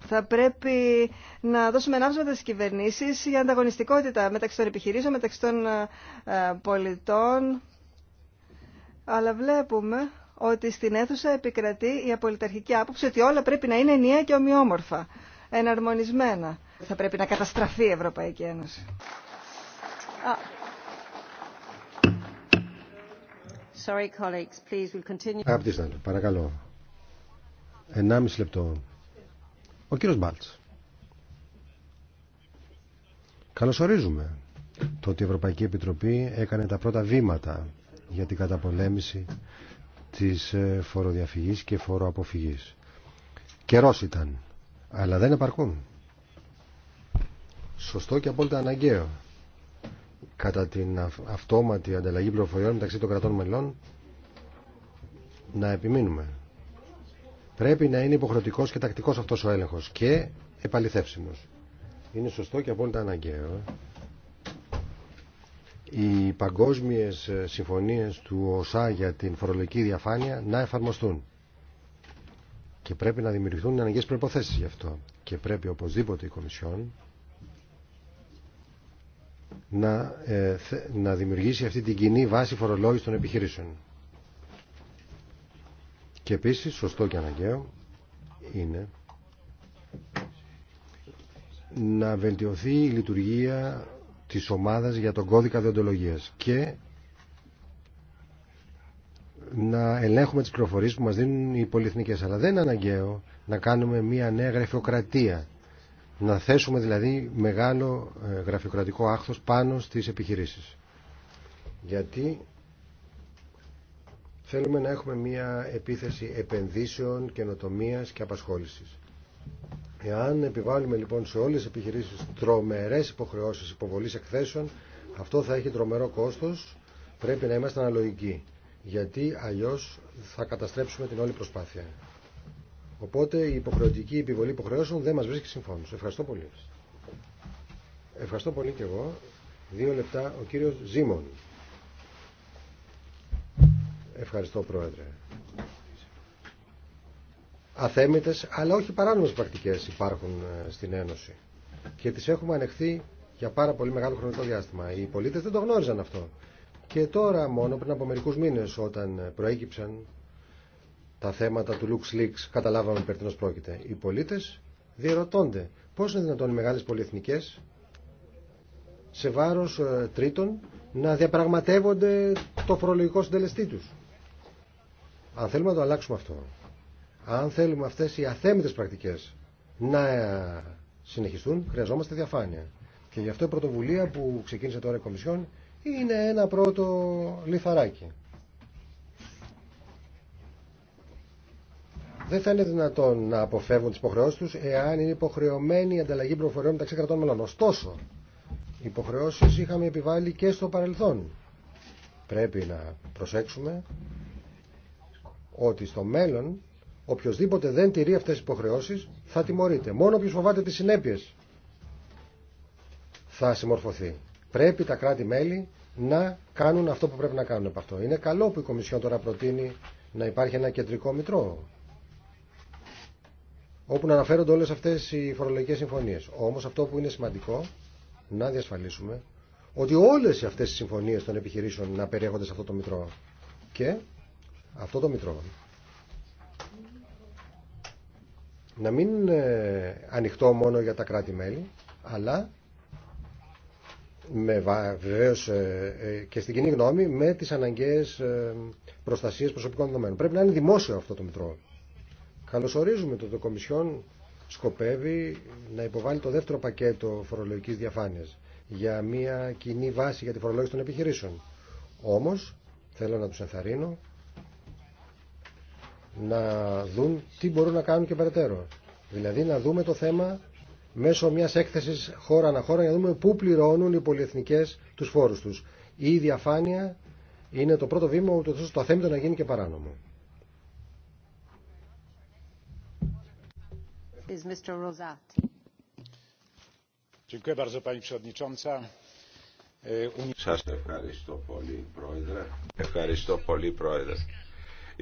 Θα πρέπει να δώσουμε ανάψματα στις κυβερνήσεις για ανταγωνιστικότητα μεταξύ των επιχειρήσεων, μεταξύ των ε, ε, πολιτών. Αλλά βλέπουμε ότι στην αίθουσα επικρατεί η απολυταρχική άποψη ότι όλα πρέπει να είναι ενιαία και ομοιόμορφα εναρμονισμένα. Θα πρέπει να καταστραφεί η Ευρωπαϊκή Ένωση. Sorry, colleagues. Please, we'll παρακαλώ. Ενάμιση λεπτό. Ο κύριος Μπάλτς. Καλωσορίζουμε το ότι η Ευρωπαϊκή Επιτροπή έκανε τα πρώτα βήματα για την καταπολέμηση της ε, φοροδιαφυγής και φοροαποφυγής. Καιρός ήταν αλλά δεν επαρκούν. Σωστό και απόλυτα αναγκαίο κατά την αυτόματη ανταλλαγή πληροφοριών μεταξύ των κρατών μελών να επιμείνουμε. Πρέπει να είναι υποχρεωτικό και τακτικός αυτό ο έλεγχος και επαληθεύσιμο. Είναι σωστό και απόλυτα αναγκαίο. Οι παγκόσμιες ε, συμφωνίες του ΟΣΑ για την φορολογική διαφάνεια να εφαρμοστούν. Και πρέπει να δημιουργηθούν οι αναγκαίες προϋποθέσεις γι' αυτό. Και πρέπει οπωσδήποτε η Κομισιόν να, ε, να δημιουργήσει αυτή την κοινή βάση φορολόγηση των επιχειρήσεων. Και επίσης, σωστό και αναγκαίο, είναι να βελτιωθεί η λειτουργία της ομάδας για τον κώδικα διοντολογίας και να ελέγχουμε τις πληροφορίες που μας δίνουν οι πολυεθνικές. Αλλά δεν είναι αναγκαίο να κάνουμε μια νέα γραφειοκρατία. Να θέσουμε δηλαδή μεγάλο ε, γραφειοκρατικό άχθος πάνω στις επιχειρήσεις. Γιατί θέλουμε να έχουμε μια επίθεση επενδύσεων, καινοτομίας και απασχόλησης. Εάν επιβάλλουμε λοιπόν σε όλες τις επιχειρήσεις τρομερές υποχρεώσεις υποβολής εκθέσεων, αυτό θα έχει τρομερό κόστος, πρέπει να είμαστε αναλογικοί γιατί αλλιώς θα καταστρέψουμε την όλη προσπάθεια. Οπότε η υποχρεωτική επιβολή υποχρεώσεων δεν μας βρίσκει συμφώνους. Ευχαριστώ πολύ. Ευχαριστώ πολύ και εγώ. Δύο λεπτά ο κύριος Ζήμων. Ευχαριστώ πρόεδρε. Αθέμητες αλλά όχι παράνομες πρακτικές υπάρχουν ε, στην Ένωση και τις έχουμε ανεχθεί για πάρα πολύ μεγάλο χρονικό διάστημα. Οι πολίτες δεν το γνώριζαν αυτό. Και τώρα μόνο πριν από μερικούς μήνες όταν προέκυψαν τα θέματα του LuxLeaks καταλάβαμε περί τίνος πρόκειται. Οι πολίτες διερωτώνται πώς είναι δυνατόν οι μεγάλες πολυεθνικές σε βάρος ε, τρίτων να διαπραγματεύονται το φορολογικό συντελεστή τους. Αν θέλουμε να το αλλάξουμε αυτό, αν θέλουμε αυτές οι αθέμητες πρακτικές να ε, συνεχιστούν, χρειαζόμαστε διαφάνεια. Και γι' αυτό η πρωτοβουλία που ξεκίνησε τώρα η Κομισιόν είναι ένα πρώτο λιθαράκι. Δεν θα είναι δυνατόν να αποφεύγουν τι υποχρεώσει του εάν είναι υποχρεωμένη η ανταλλαγή προφοριών μεταξύ κρατών μελών. Ωστόσο, υποχρεώσει είχαμε επιβάλει και στο παρελθόν. Πρέπει να προσέξουμε ότι στο μέλλον οποιοδήποτε δεν τηρεί αυτές τις υποχρεώσει θα τιμωρείται. Μόνο όποιο φοβάται τι συνέπειε θα συμμορφωθεί. Πρέπει τα κράτη-μέλη να κάνουν αυτό που πρέπει να κάνουν από αυτό. Είναι καλό που η Κομισιόν τώρα προτείνει να υπάρχει ένα κεντρικό μητρό όπου να αναφέρονται όλες αυτές οι φορολογικές συμφωνίες. Όμως αυτό που είναι σημαντικό να διασφαλίσουμε ότι όλες αυτές οι συμφωνίες των επιχειρήσεων να περιέχονται σε αυτό το μητρό και αυτό το μητρό να μην ε, ανοιχτό μόνο για τα κράτη-μέλη αλλά με βεβαίω ε, ε, και στην κοινή γνώμη με τις αναγκαίες ε, προστασίες προσωπικών δεδομένων. Πρέπει να είναι δημόσιο αυτό το Μητρό. Καλωσορίζουμε το, το Κομισιόν σκοπεύει να υποβάλει το δεύτερο πακέτο φορολογικής διαφάνειας για μια κοινή βάση για τη φορολόγηση των επιχειρήσεων. Όμως, θέλω να τους ενθαρρύνω να δουν τι μπορούν να κάνουν και περαιτέρω. Δηλαδή να δούμε το θέμα μέσω μια έκθεση χώρα ανά χώρα για να δούμε πού πληρώνουν οι πολυεθνικέ του φόρου του. Η διαφάνεια είναι το πρώτο βήμα ούτω ώστε το αθέμητο να γίνει και παράνομο. Σας ευχαριστώ πολύ, Πρόεδρε. Ευχαριστώ πολύ, Πρόεδρε.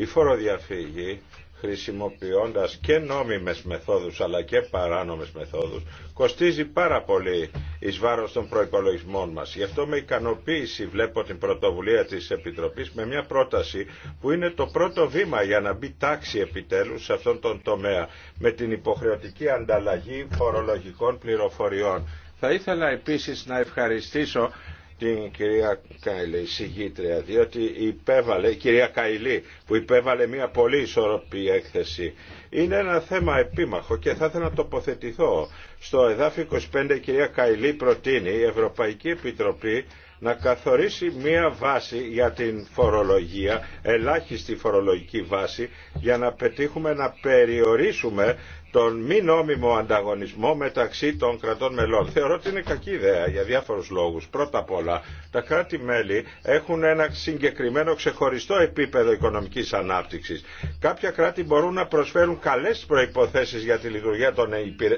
Η φοροδιαφύγη χρησιμοποιώντας και νόμιμες μεθόδους αλλά και παράνομες μεθόδους κοστίζει πάρα πολύ εις βάρος των προϋπολογισμών μας. Γι' αυτό με ικανοποίηση βλέπω την πρωτοβουλία της Επιτροπής με μια πρόταση που είναι το πρώτο βήμα για να μπει τάξη επιτέλους σε αυτόν τον τομέα με την υποχρεωτική ανταλλαγή φορολογικών πληροφοριών. Θα ήθελα επίσης να ευχαριστήσω την κυρία Καηλή, συγγήτρια, διότι υπέβαλε, η κυρία Καηλή που υπέβαλε μια πολύ ισορροπή έκθεση. Είναι ένα θέμα επίμαχο και θα ήθελα να τοποθετηθώ. Στο εδάφιο 25 η κυρία Καηλή προτείνει η Ευρωπαϊκή Επιτροπή να καθορίσει μία βάση για την φορολογία, ελάχιστη φορολογική βάση, για να πετύχουμε να περιορίσουμε τον μη νόμιμο ανταγωνισμό μεταξύ των κρατών μελών. Θεωρώ ότι είναι κακή ιδέα για διάφορους λόγους. Πρώτα απ' όλα, τα κράτη-μέλη έχουν ένα συγκεκριμένο ξεχωριστό επίπεδο οικονομικής ανάπτυξης. Κάποια κράτη μπορούν να προσφέρουν καλές προϋποθέσεις για τη λειτουργία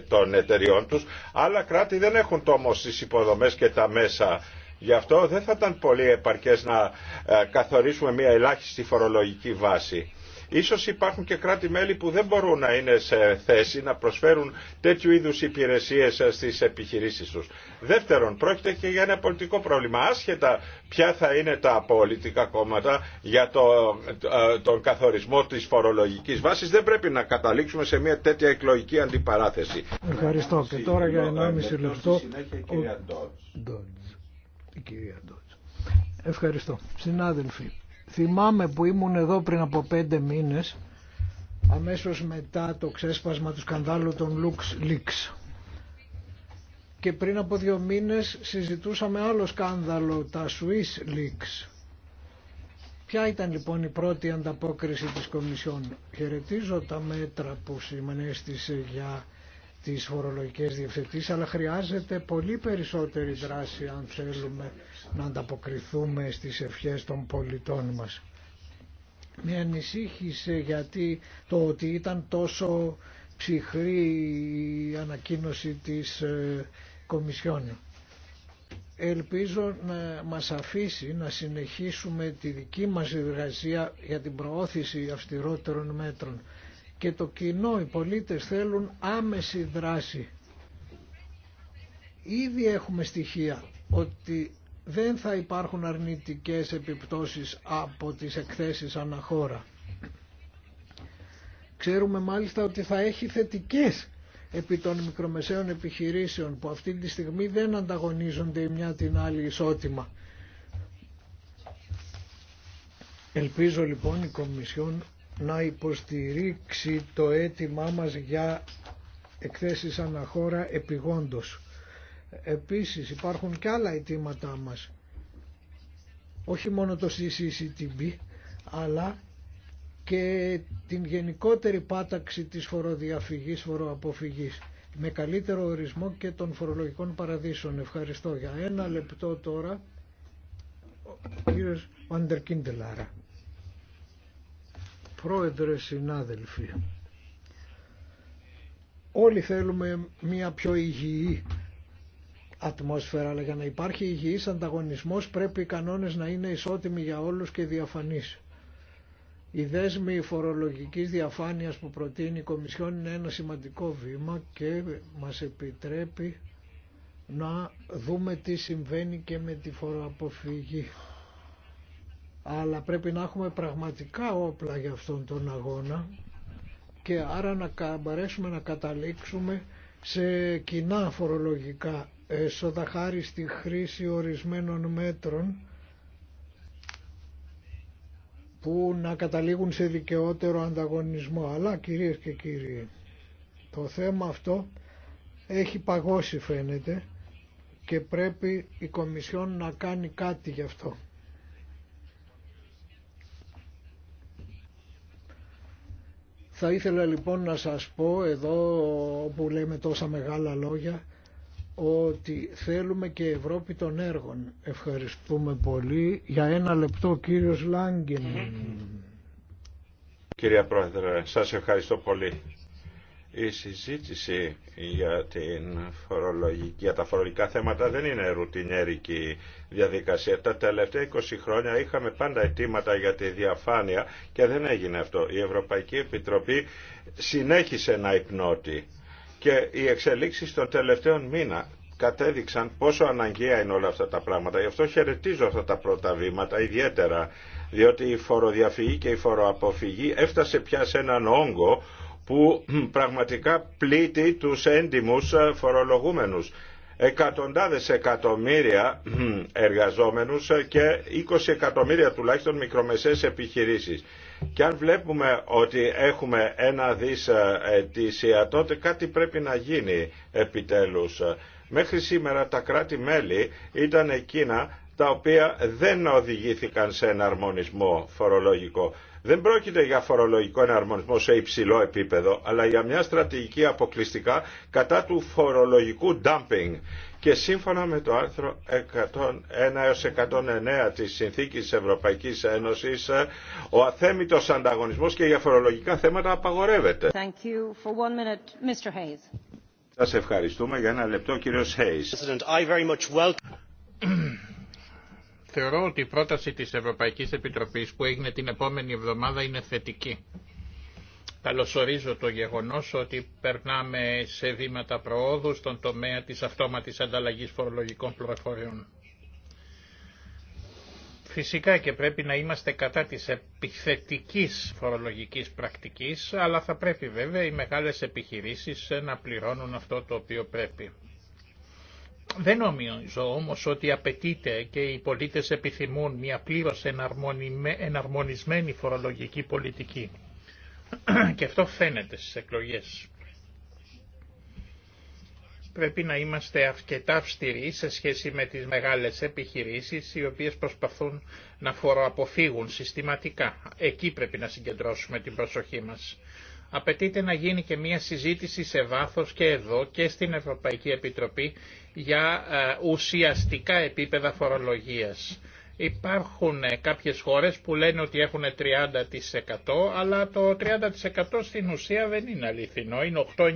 των εταιριών τους, άλλα κράτη δεν έχουν τόμως υποδομέ υποδομές και τα μέσα Γι' αυτό δεν θα ήταν πολύ επαρκές να ε, καθορίσουμε μια ελάχιστη φορολογική βάση. Ίσως υπάρχουν και κράτη-μέλη που δεν μπορούν να είναι σε θέση να προσφέρουν τέτοιου είδους υπηρεσίες ε, στις επιχειρήσεις τους. Δεύτερον, πρόκειται και για ένα πολιτικό πρόβλημα. Άσχετα ποια θα είναι τα πολιτικά κόμματα για το, ε, τον καθορισμό της φορολογικής βάσης, δεν πρέπει να καταλήξουμε σε μια τέτοια εκλογική αντιπαράθεση. Ευχαριστώ. Και τώρα για 1,5 λεπτό. Ευχαριστώ. Συνάδελφοι, Θυμάμαι που ήμουν εδώ πριν από πέντε μήνες αμέσως μετά το ξέσπασμα του σκανδάλου των Leaks Και πριν από δύο μήνες συζητούσαμε άλλο σκάνδαλο, τα Swiss Leaks. Ποια ήταν λοιπόν η πρώτη ανταπόκριση της Κομισιόν. Χαιρετίζω τα μέτρα που συμμενέστησε για τις φορολογικές διευθετήσεις, αλλά χρειάζεται πολύ περισσότερη δράση αν θέλουμε να ανταποκριθούμε στις ευχές των πολιτών μας. Με ανησύχησε γιατί το ότι ήταν τόσο ψυχρή η ανακοίνωση της ε, Κομισιόν. Ελπίζω να μας αφήσει να συνεχίσουμε τη δική μας εργασία για την προώθηση αυστηρότερων μέτρων και το κοινό, οι πολίτες θέλουν άμεση δράση. Ήδη έχουμε στοιχεία ότι δεν θα υπάρχουν αρνητικές επιπτώσεις από τις εκθέσεις αναχώρα. Ξέρουμε μάλιστα ότι θα έχει θετικές επί των μικρομεσαίων επιχειρήσεων που αυτή τη στιγμή δεν ανταγωνίζονται η μια την άλλη ισότιμα. Ελπίζω λοιπόν η Κομισιόν να υποστηρίξει το αίτημά μας για εκθέσεις αναχώρα επιγόντως. Επίσης υπάρχουν και άλλα αιτήματά μας. Όχι μόνο το CCCTB, αλλά και την γενικότερη πάταξη της φοροδιαφυγής, φοροαποφυγής με καλύτερο ορισμό και των φορολογικών παραδείσων. Ευχαριστώ για ένα λεπτό τώρα. Ο κύριος Βαντερκίντελάρα. Πρόεδρε, συνάδελφοι, όλοι θέλουμε μια πιο υγιή ατμόσφαιρα, αλλά για να υπάρχει υγιής ανταγωνισμός πρέπει οι κανόνες να είναι ισότιμοι για όλους και διαφανείς. Η δέσμη φορολογικής διαφάνειας που προτείνει η Κομισιόν είναι ένα σημαντικό βήμα και μας επιτρέπει να δούμε τι συμβαίνει και με τη φοροαποφυγή αλλά πρέπει να έχουμε πραγματικά όπλα για αυτόν τον αγώνα και άρα να μπορέσουμε να καταλήξουμε σε κοινά φορολογικά έσοδα χάρη στη χρήση ορισμένων μέτρων που να καταλήγουν σε δικαιότερο ανταγωνισμό. Αλλά κυρίες και κύριοι, το θέμα αυτό έχει παγώσει φαίνεται και πρέπει η Κομισιόν να κάνει κάτι γι' αυτό. Θα ήθελα λοιπόν να σας πω εδώ που λέμε τόσα μεγάλα λόγια ότι θέλουμε και Ευρώπη των έργων. Ευχαριστούμε πολύ. Για ένα λεπτό κύριος Λάγκεν. Κυρία Πρόεδρε, σας ευχαριστώ πολύ. Η συζήτηση για, την για τα φορολογικά θέματα δεν είναι ρουτινέρικη διαδικασία. Τα τελευταία 20 χρόνια είχαμε πάντα αιτήματα για τη διαφάνεια και δεν έγινε αυτό. Η Ευρωπαϊκή Επιτροπή συνέχισε να υπνώτει και οι εξελίξεις των τελευταίων μήνα κατέδειξαν πόσο αναγκαία είναι όλα αυτά τα πράγματα. Γι' αυτό χαιρετίζω αυτά τα πρώτα βήματα ιδιαίτερα, διότι η φοροδιαφυγή και η φοροαποφυγή έφτασε πια σε έναν όγκο που πραγματικά πλήττει τους έντιμους ε, φορολογούμενους εκατοντάδες εκατομμύρια ε, εργαζόμενους ε, και 20 εκατομμύρια τουλάχιστον μικρομεσαίες επιχειρήσεις. Και αν βλέπουμε ότι έχουμε ένα δις ετήσια, τότε κάτι πρέπει να γίνει επιτέλους. Μέχρι σήμερα τα κράτη-μέλη ήταν εκείνα τα οποία δεν οδηγήθηκαν σε αρμονισμό φορολογικό. Δεν πρόκειται για φορολογικό εναρμονισμό σε υψηλό επίπεδο, αλλά για μια στρατηγική αποκλειστικά κατά του φορολογικού dumping. Και σύμφωνα με το άρθρο 101 έως 109 της Συνθήκης της Ευρωπαϊκής Ένωσης, ο αθέμητος ανταγωνισμός και για φορολογικά θέματα απαγορεύεται. Σας ευχαριστούμε για ένα λεπτό, κύριος Hayes. Θεωρώ ότι η πρόταση της Ευρωπαϊκής Επιτροπής που έγινε την επόμενη εβδομάδα είναι θετική. Καλωσορίζω το γεγονός ότι περνάμε σε βήματα προόδου στον τομέα της αυτόματης ανταλλαγής φορολογικών πληροφοριών. Φυσικά και πρέπει να είμαστε κατά της επιθετικής φορολογικής πρακτικής, αλλά θα πρέπει βέβαια οι μεγάλες επιχειρήσεις να πληρώνουν αυτό το οποίο πρέπει. Δεν νομίζω όμως ότι απαιτείται και οι πολίτες επιθυμούν μια πλήρως εναρμονισμένη φορολογική πολιτική. Και αυτό φαίνεται στις εκλογές. Πρέπει να είμαστε αρκετά αυστηροί σε σχέση με τις μεγάλες επιχειρήσεις οι οποίες προσπαθούν να φοροαποφύγουν συστηματικά. Εκεί πρέπει να συγκεντρώσουμε την προσοχή μας. Απαιτείται να γίνει και μία συζήτηση σε βάθος και εδώ και στην Ευρωπαϊκή Επιτροπή για ε, ουσιαστικά επίπεδα φορολογίας. Υπάρχουν ε, κάποιες χώρες που λένε ότι έχουν 30% αλλά το 30% στην ουσία δεν είναι αληθινό, είναι 8-9-10%.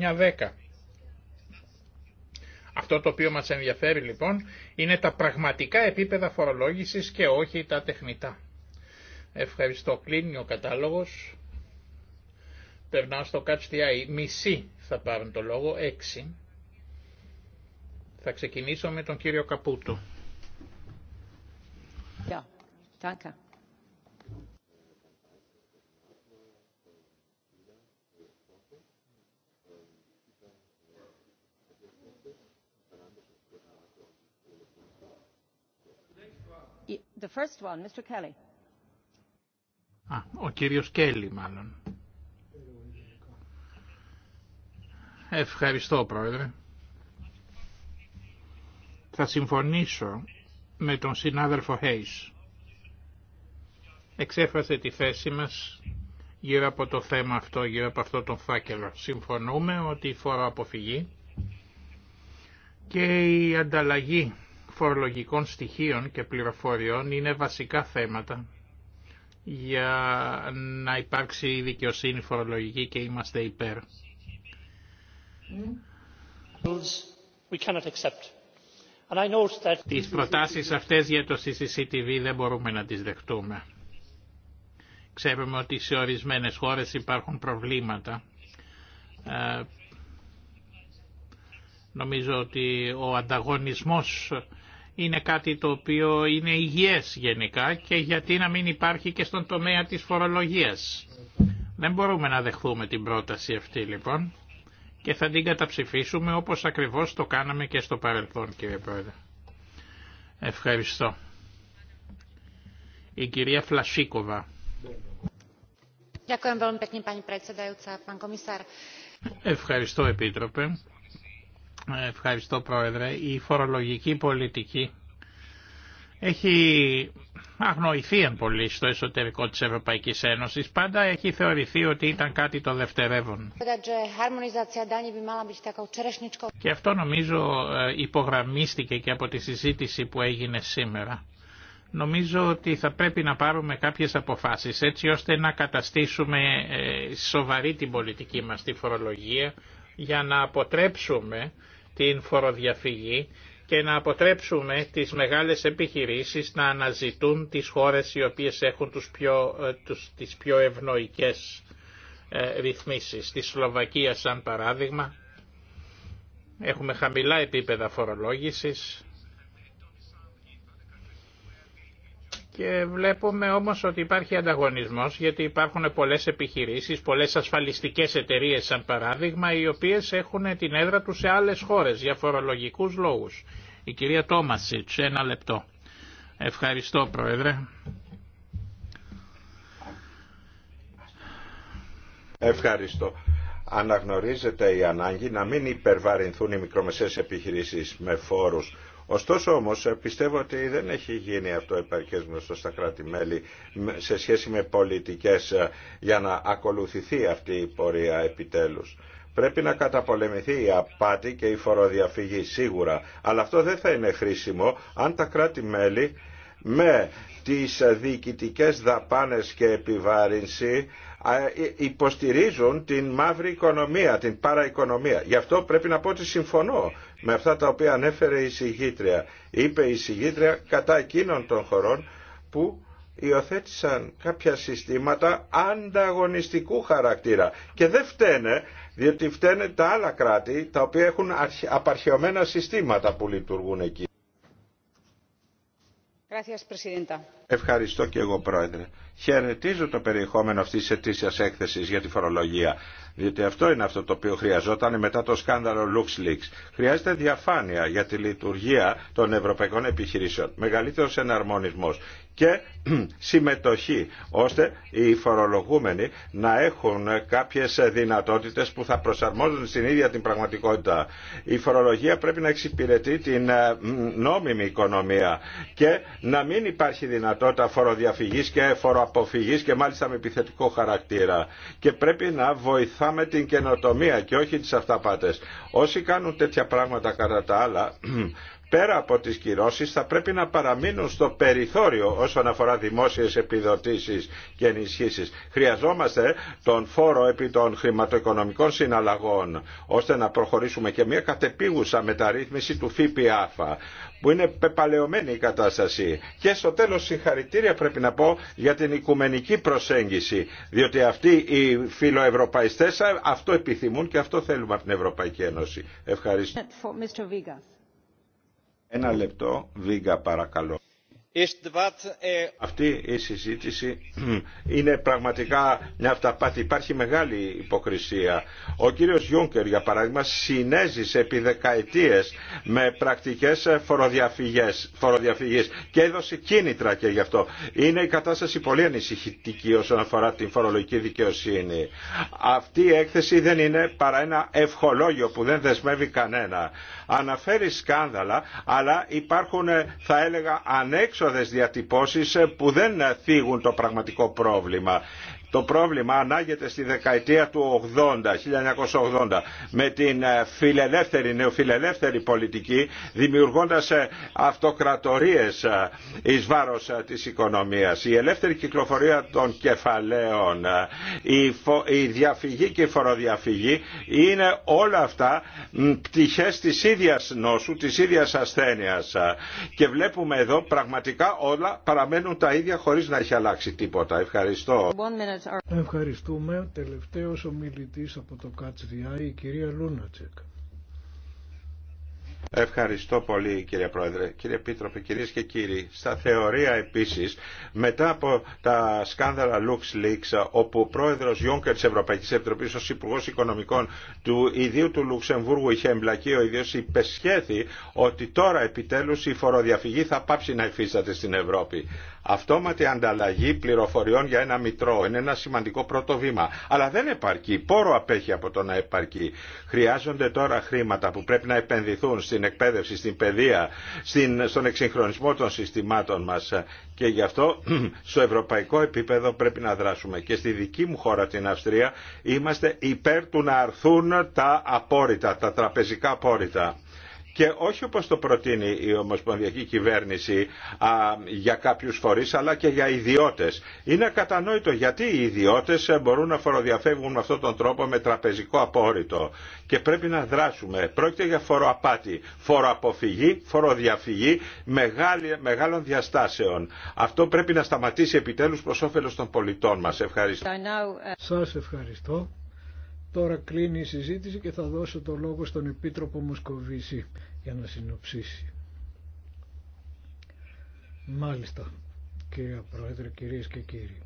Αυτό το οποίο μας ενδιαφέρει λοιπόν είναι τα πραγματικά επίπεδα φορολόγησης και όχι τα τεχνητά. Ευχαριστώ. Κλείνει ο κατάλογος περνάω στο Catch the Μισή θα πάρουν το λόγο, έξι. Θα ξεκινήσω με τον κύριο Καπούτο. ο κύριος Κέλλη μάλλον. Ευχαριστώ Πρόεδρε. Θα συμφωνήσω με τον συνάδελφο Χέις. Εξέφρασε τη θέση μας γύρω από το θέμα αυτό, γύρω από αυτό τον φάκελο. Συμφωνούμε ότι η αποφυγή και η ανταλλαγή φορολογικών στοιχείων και πληροφοριών είναι βασικά θέματα για να υπάρξει η δικαιοσύνη φορολογική και είμαστε υπέρ. Τις προτάσεις αυτές για το CCTV δεν μπορούμε να τις δεχτούμε. Ξέρουμε ότι σε ορισμένες χώρες υπάρχουν προβλήματα. Ε, νομίζω ότι ο ανταγωνισμός είναι κάτι το οποίο είναι υγιές γενικά και γιατί να μην υπάρχει και στον τομέα της φορολογίας. Δεν μπορούμε να δεχθούμε την πρόταση αυτή λοιπόν και θα την καταψηφίσουμε όπως ακριβώς το κάναμε και στο παρελθόν κύριε Πρόεδρε. Ευχαριστώ. Η κυρία Φλασίκοβα. Ευχαριστώ Επίτροπε. Ευχαριστώ Πρόεδρε. Η φορολογική πολιτική έχει αγνοηθεί εν πολύ στο εσωτερικό της Ευρωπαϊκής Ένωσης. Πάντα έχει θεωρηθεί ότι ήταν κάτι το δευτερεύον. Και αυτό νομίζω ε, υπογραμμίστηκε και από τη συζήτηση που έγινε σήμερα. Νομίζω ότι θα πρέπει να πάρουμε κάποιες αποφάσεις έτσι ώστε να καταστήσουμε ε, σοβαρή την πολιτική μας τη φορολογία για να αποτρέψουμε την φοροδιαφυγή και να αποτρέψουμε τις μεγάλες επιχειρήσεις να αναζητούν τις χώρες οι οποίες έχουν τους πιο, ε, τους, τις πιο ευνοϊκές ε, ρυθμίσεις. Στη Σλοβακία σαν παράδειγμα έχουμε χαμηλά επίπεδα φορολόγησης και βλέπουμε όμως ότι υπάρχει ανταγωνισμός γιατί υπάρχουν πολλές επιχειρήσεις, πολλές ασφαλιστικές εταιρείες σαν παράδειγμα οι οποίες έχουν την έδρα τους σε άλλες χώρες για φορολογικούς λόγους. Η κυρία Τόμασιτς, ένα λεπτό. Ευχαριστώ Πρόεδρε. Ευχαριστώ. Αναγνωρίζεται η ανάγκη να μην υπερβαρυνθούν οι μικρομεσαίες επιχειρήσεις με φόρους. Ωστόσο όμως πιστεύω ότι δεν έχει γίνει αυτό επαρκές γνωστό στα κράτη-μέλη σε σχέση με πολιτικές ε, για να ακολουθηθεί αυτή η πορεία επιτέλους. Πρέπει να καταπολεμηθεί η απάτη και η φοροδιαφυγή σίγουρα. Αλλά αυτό δεν θα είναι χρήσιμο αν τα κράτη-μέλη με τις διοικητικές δαπάνες και επιβάρυνση ε, υποστηρίζουν την μαύρη οικονομία, την παραοικονομία. Γι' αυτό πρέπει να πω ότι συμφωνώ με αυτά τα οποία ανέφερε η συγγήτρια. Είπε η συγγήτρια κατά εκείνων των χωρών που υιοθέτησαν κάποια συστήματα ανταγωνιστικού χαρακτήρα και δεν φταίνε διότι φταίνε τα άλλα κράτη τα οποία έχουν απαρχαιωμένα συστήματα που λειτουργούν εκεί. Ευχαριστώ και εγώ πρόεδρε. Χαιρετίζω το περιεχόμενο αυτής της ετήσιας έκθεσης για τη φορολογία. Διότι αυτό είναι αυτό το οποίο χρειαζόταν μετά το σκάνδαλο LuxLeaks. Χρειάζεται διαφάνεια για τη λειτουργία των ευρωπαϊκών επιχειρήσεων. Μεγαλύτερο εναρμονισμό και συμμετοχή ώστε οι φορολογούμενοι να έχουν κάποιες δυνατότητες που θα προσαρμόζουν στην ίδια την πραγματικότητα. Η φορολογία πρέπει να εξυπηρετεί την ε, νόμιμη οικονομία και να μην υπάρχει δυνατότητα φοροδιαφυγής και φοροαποφυγής και μάλιστα με επιθετικό χαρακτήρα. Και πρέπει να βοηθά με την καινοτομία και όχι τις αυταπάτες. Όσοι κάνουν τέτοια πράγματα κατά τα άλλα πέρα από τις κυρώσεις θα πρέπει να παραμείνουν στο περιθώριο όσον αφορά δημόσιες επιδοτήσεις και ενισχύσεις. Χρειαζόμαστε τον φόρο επί των χρηματοοικονομικών συναλλαγών ώστε να προχωρήσουμε και μια κατεπίγουσα μεταρρύθμιση του ΦΠΑ που είναι πεπαλαιωμένη η κατάσταση. Και στο τέλος συγχαρητήρια πρέπει να πω για την οικουμενική προσέγγιση, διότι αυτοί οι φιλοευρωπαϊστές αυτό επιθυμούν και αυτό θέλουμε από την Ευρωπαϊκή Ένωση. Ευχαριστώ. Ένα λεπτό, Βίγκα παρακαλώ. Eh, Αυτή η συζήτηση είναι πραγματικά μια αυταπάτη. Υπάρχει μεγάλη υποκρισία. Ο κύριος Γιούγκερ, για παράδειγμα, συνέζησε επί δεκαετίες με πρακτικές φοροδιαφυγές, και έδωσε κίνητρα και γι' αυτό. Είναι η κατάσταση πολύ ανησυχητική όσον αφορά την φορολογική δικαιοσύνη. Αυτή η έκθεση δεν είναι παρά ένα ευχολόγιο που δεν δεσμεύει κανένα. Αναφέρει σκάνδαλα, αλλά υπάρχουν, ε, θα έλεγα, ανέξω έξοδες διατυπώσεις που δεν θίγουν το πραγματικό πρόβλημα. Το πρόβλημα ανάγεται στη δεκαετία του 80, 1980 με την ε, φιλελεύθερη, νεοφιλελεύθερη πολιτική δημιουργώντας ε, αυτοκρατορίες ε, εις βάρος της οικονομίας. Η ελεύθερη κυκλοφορία των κεφαλαίων, η διαφυγή και η φοροδιαφυγή είναι όλα αυτά πτυχές της ίδιας νόσου, της ίδιας ασθένειας και βλέπουμε εδώ πραγματικά όλα παραμένουν τα ίδια χωρίς να έχει αλλάξει τίποτα. Ευχαριστώ. Ευχαριστούμε. Τελευταίος ομιλητής από το ΚΑΤΣΔΙ, η κυρία Λούνατσεκ. Ευχαριστώ πολύ κύριε Πρόεδρε, κύριε Επίτροπε, κυρίες και κύριοι. Στα θεωρία επίσης, μετά από τα σκάνδαλα LuxLeaks, όπου ο πρόεδρος Juncker της Ευρωπαϊκής Επιτροπής ως υπουργό Οικονομικών του ιδίου του Λουξεμβούργου είχε εμπλακεί, ο ίδιος υπεσχέθη ότι τώρα επιτέλους η φοροδιαφυγή θα πάψει να υφίσταται στην Ευρώπη. Αυτόματη ανταλλαγή πληροφοριών για ένα μητρό είναι ένα σημαντικό πρώτο βήμα. Αλλά δεν επαρκεί. Πόρο απέχει από το να επαρκεί. Χρειάζονται τώρα χρήματα που πρέπει να επενδυθούν στην εκπαίδευση, στην παιδεία, στην, στον εξυγχρονισμό των συστημάτων μα. Και γι' αυτό στο ευρωπαϊκό επίπεδο πρέπει να δράσουμε. Και στη δική μου χώρα, την Αυστρία, είμαστε υπέρ του να αρθούν τα απόρριτα, τα τραπεζικά απόρριτα και όχι όπως το προτείνει η Ομοσπονδιακή Κυβέρνηση για κάποιους φορείς αλλά και για ιδιώτες. Είναι κατανόητο γιατί οι ιδιώτες μπορούν να φοροδιαφεύγουν με αυτόν τον τρόπο με τραπεζικό απόρριτο και πρέπει να δράσουμε. Πρόκειται για φοροαπάτη, φοροαποφυγή, φοροδιαφυγή μεγάλων διαστάσεων. Αυτό πρέπει να σταματήσει επιτέλους προς όφελος των πολιτών μας. Ευχαριστώ. Σας ευχαριστώ. Τώρα κλείνει η συζήτηση και θα δώσω το λόγο στον Επίτροπο Μοσκοβίση για να συνοψίσει. Μάλιστα, κύριε Πρόεδρε, κυρίες και κύριοι.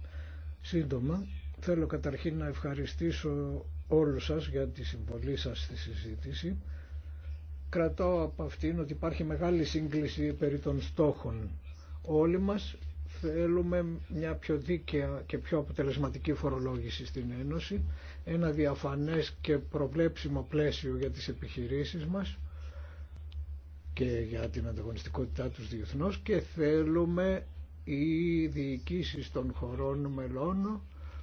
Σύντομα, θέλω καταρχήν να ευχαριστήσω όλους σας για τη συμβολή σας στη συζήτηση. Κρατώ από αυτήν ότι υπάρχει μεγάλη σύγκληση περί των στόχων. Όλοι μας θέλουμε μια πιο δίκαια και πιο αποτελεσματική φορολόγηση στην Ένωση ένα διαφανές και προβλέψιμο πλαίσιο για τις επιχειρήσεις μας και για την ανταγωνιστικότητά τους διεθνώς και θέλουμε οι διοικήσει των χωρών μελών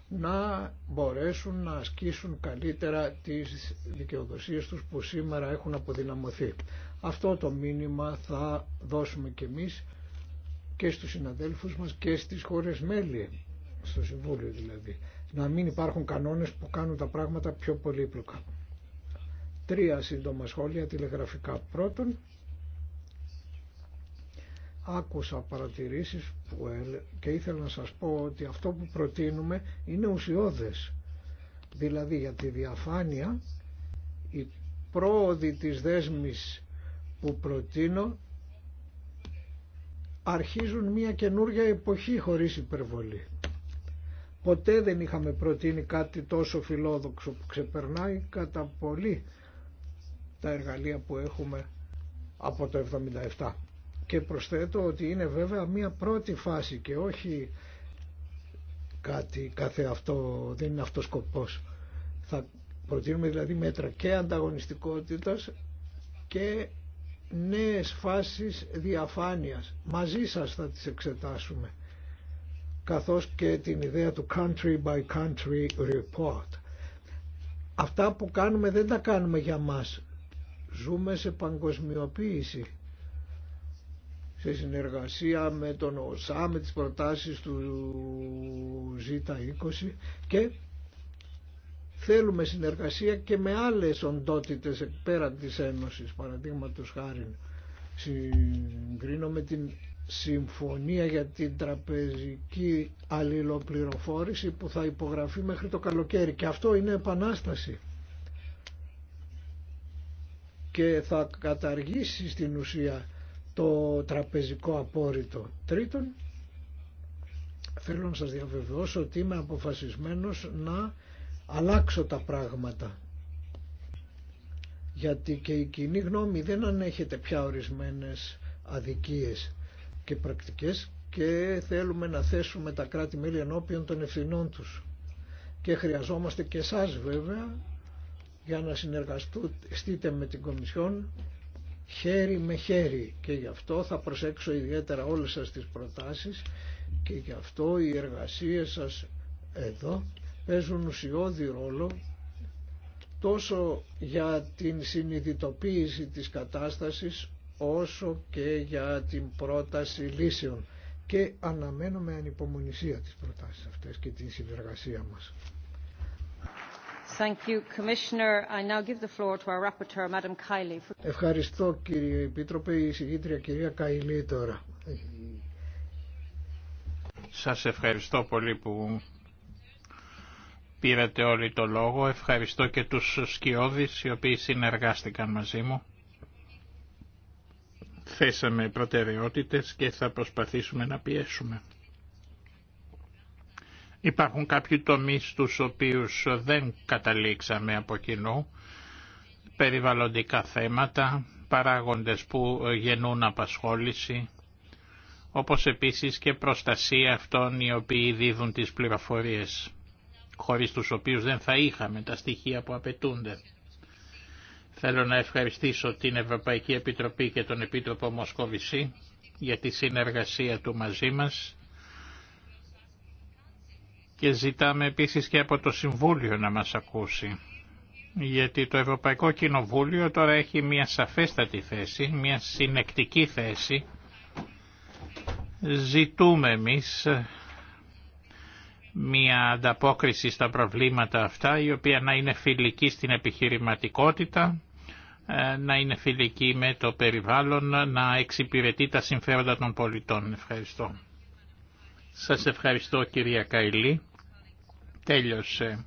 να μπορέσουν να ασκήσουν καλύτερα τις δικαιοδοσίες τους που σήμερα έχουν αποδυναμωθεί. Αυτό το μήνυμα θα δώσουμε και εμείς και στους συναδέλφους μας και στις χώρες μέλη, στο Συμβούλιο δηλαδή να μην υπάρχουν κανόνες που κάνουν τα πράγματα πιο πολύπλοκα. Τρία σύντομα σχόλια τηλεγραφικά. Πρώτον, άκουσα παρατηρήσεις και ήθελα να σας πω ότι αυτό που προτείνουμε είναι ουσιώδες. Δηλαδή για τη διαφάνεια η πρόοδη της δέσμης που προτείνω αρχίζουν μια καινούργια εποχή χωρίς υπερβολή. Ποτέ δεν είχαμε προτείνει κάτι τόσο φιλόδοξο που ξεπερνάει κατά πολύ τα εργαλεία που έχουμε από το 77. Και προσθέτω ότι είναι βέβαια μία πρώτη φάση και όχι κάτι κάθε αυτό, δεν είναι αυτός σκοπός. Θα προτείνουμε δηλαδή μέτρα και ανταγωνιστικότητας και νέες φάσεις διαφάνειας. Μαζί σας θα τις εξετάσουμε καθώς και την ιδέα του country by country report. Αυτά που κάνουμε δεν τα κάνουμε για μας. Ζούμε σε παγκοσμιοποίηση σε συνεργασία με τον ΟΣΑ, με τις προτάσεις του Z20 και θέλουμε συνεργασία και με άλλες οντότητες πέραν της Ένωσης, παραδείγματος χάρη συγκρίνω με την συμφωνία για την τραπεζική αλληλοπληροφόρηση που θα υπογραφεί μέχρι το καλοκαίρι και αυτό είναι επανάσταση και θα καταργήσει στην ουσία το τραπεζικό απόρριτο. Τρίτον, θέλω να σας διαβεβαιώσω ότι είμαι αποφασισμένος να αλλάξω τα πράγματα γιατί και η κοινή γνώμη δεν ανέχεται πια ορισμένες αδικίες και πρακτικές και θέλουμε να θέσουμε τα κράτη-μέλη ενώπιον των ευθυνών τους. Και χρειαζόμαστε και εσάς βέβαια για να συνεργαστείτε με την Κομισιόν χέρι με χέρι και γι' αυτό θα προσέξω ιδιαίτερα όλες σας τις προτάσεις και γι' αυτό οι εργασίες σας εδώ παίζουν ουσιώδη ρόλο τόσο για την συνειδητοποίηση της κατάστασης όσο και για την πρόταση λύσεων και με ανυπομονησία τις προτάσεις αυτές και τη συνεργασία μας. Ευχαριστώ κύριε Επίτροπε, η συγγήτρια κυρία Καϊλή τώρα. Σας ευχαριστώ πολύ που πήρατε όλοι το λόγο. Ευχαριστώ και τους σκιώδεις οι οποίοι συνεργάστηκαν μαζί μου θέσαμε προτεραιότητες και θα προσπαθήσουμε να πιέσουμε. Υπάρχουν κάποιοι τομείς τους οποίους δεν καταλήξαμε από κοινού, περιβαλλοντικά θέματα, παράγοντες που γεννούν απασχόληση, όπως επίσης και προστασία αυτών οι οποίοι δίδουν τις πληροφορίες, χωρίς τους οποίους δεν θα είχαμε τα στοιχεία που απαιτούνται. Θέλω να ευχαριστήσω την Ευρωπαϊκή Επιτροπή και τον Επίτροπο Μοσκοβισή για τη συνεργασία του μαζί μας και ζητάμε επίσης και από το Συμβούλιο να μας ακούσει. Γιατί το Ευρωπαϊκό Κοινοβούλιο τώρα έχει μια σαφέστατη θέση, μια συνεκτική θέση. Ζητούμε εμείς μια ανταπόκριση στα προβλήματα αυτά η οποία να είναι φιλική στην επιχειρηματικότητα ε, να είναι φιλική με το περιβάλλον, να εξυπηρετεί τα συμφέροντα των πολιτών. Ευχαριστώ. Σας ευχαριστώ κυρία Καηλή. Τέλειωσε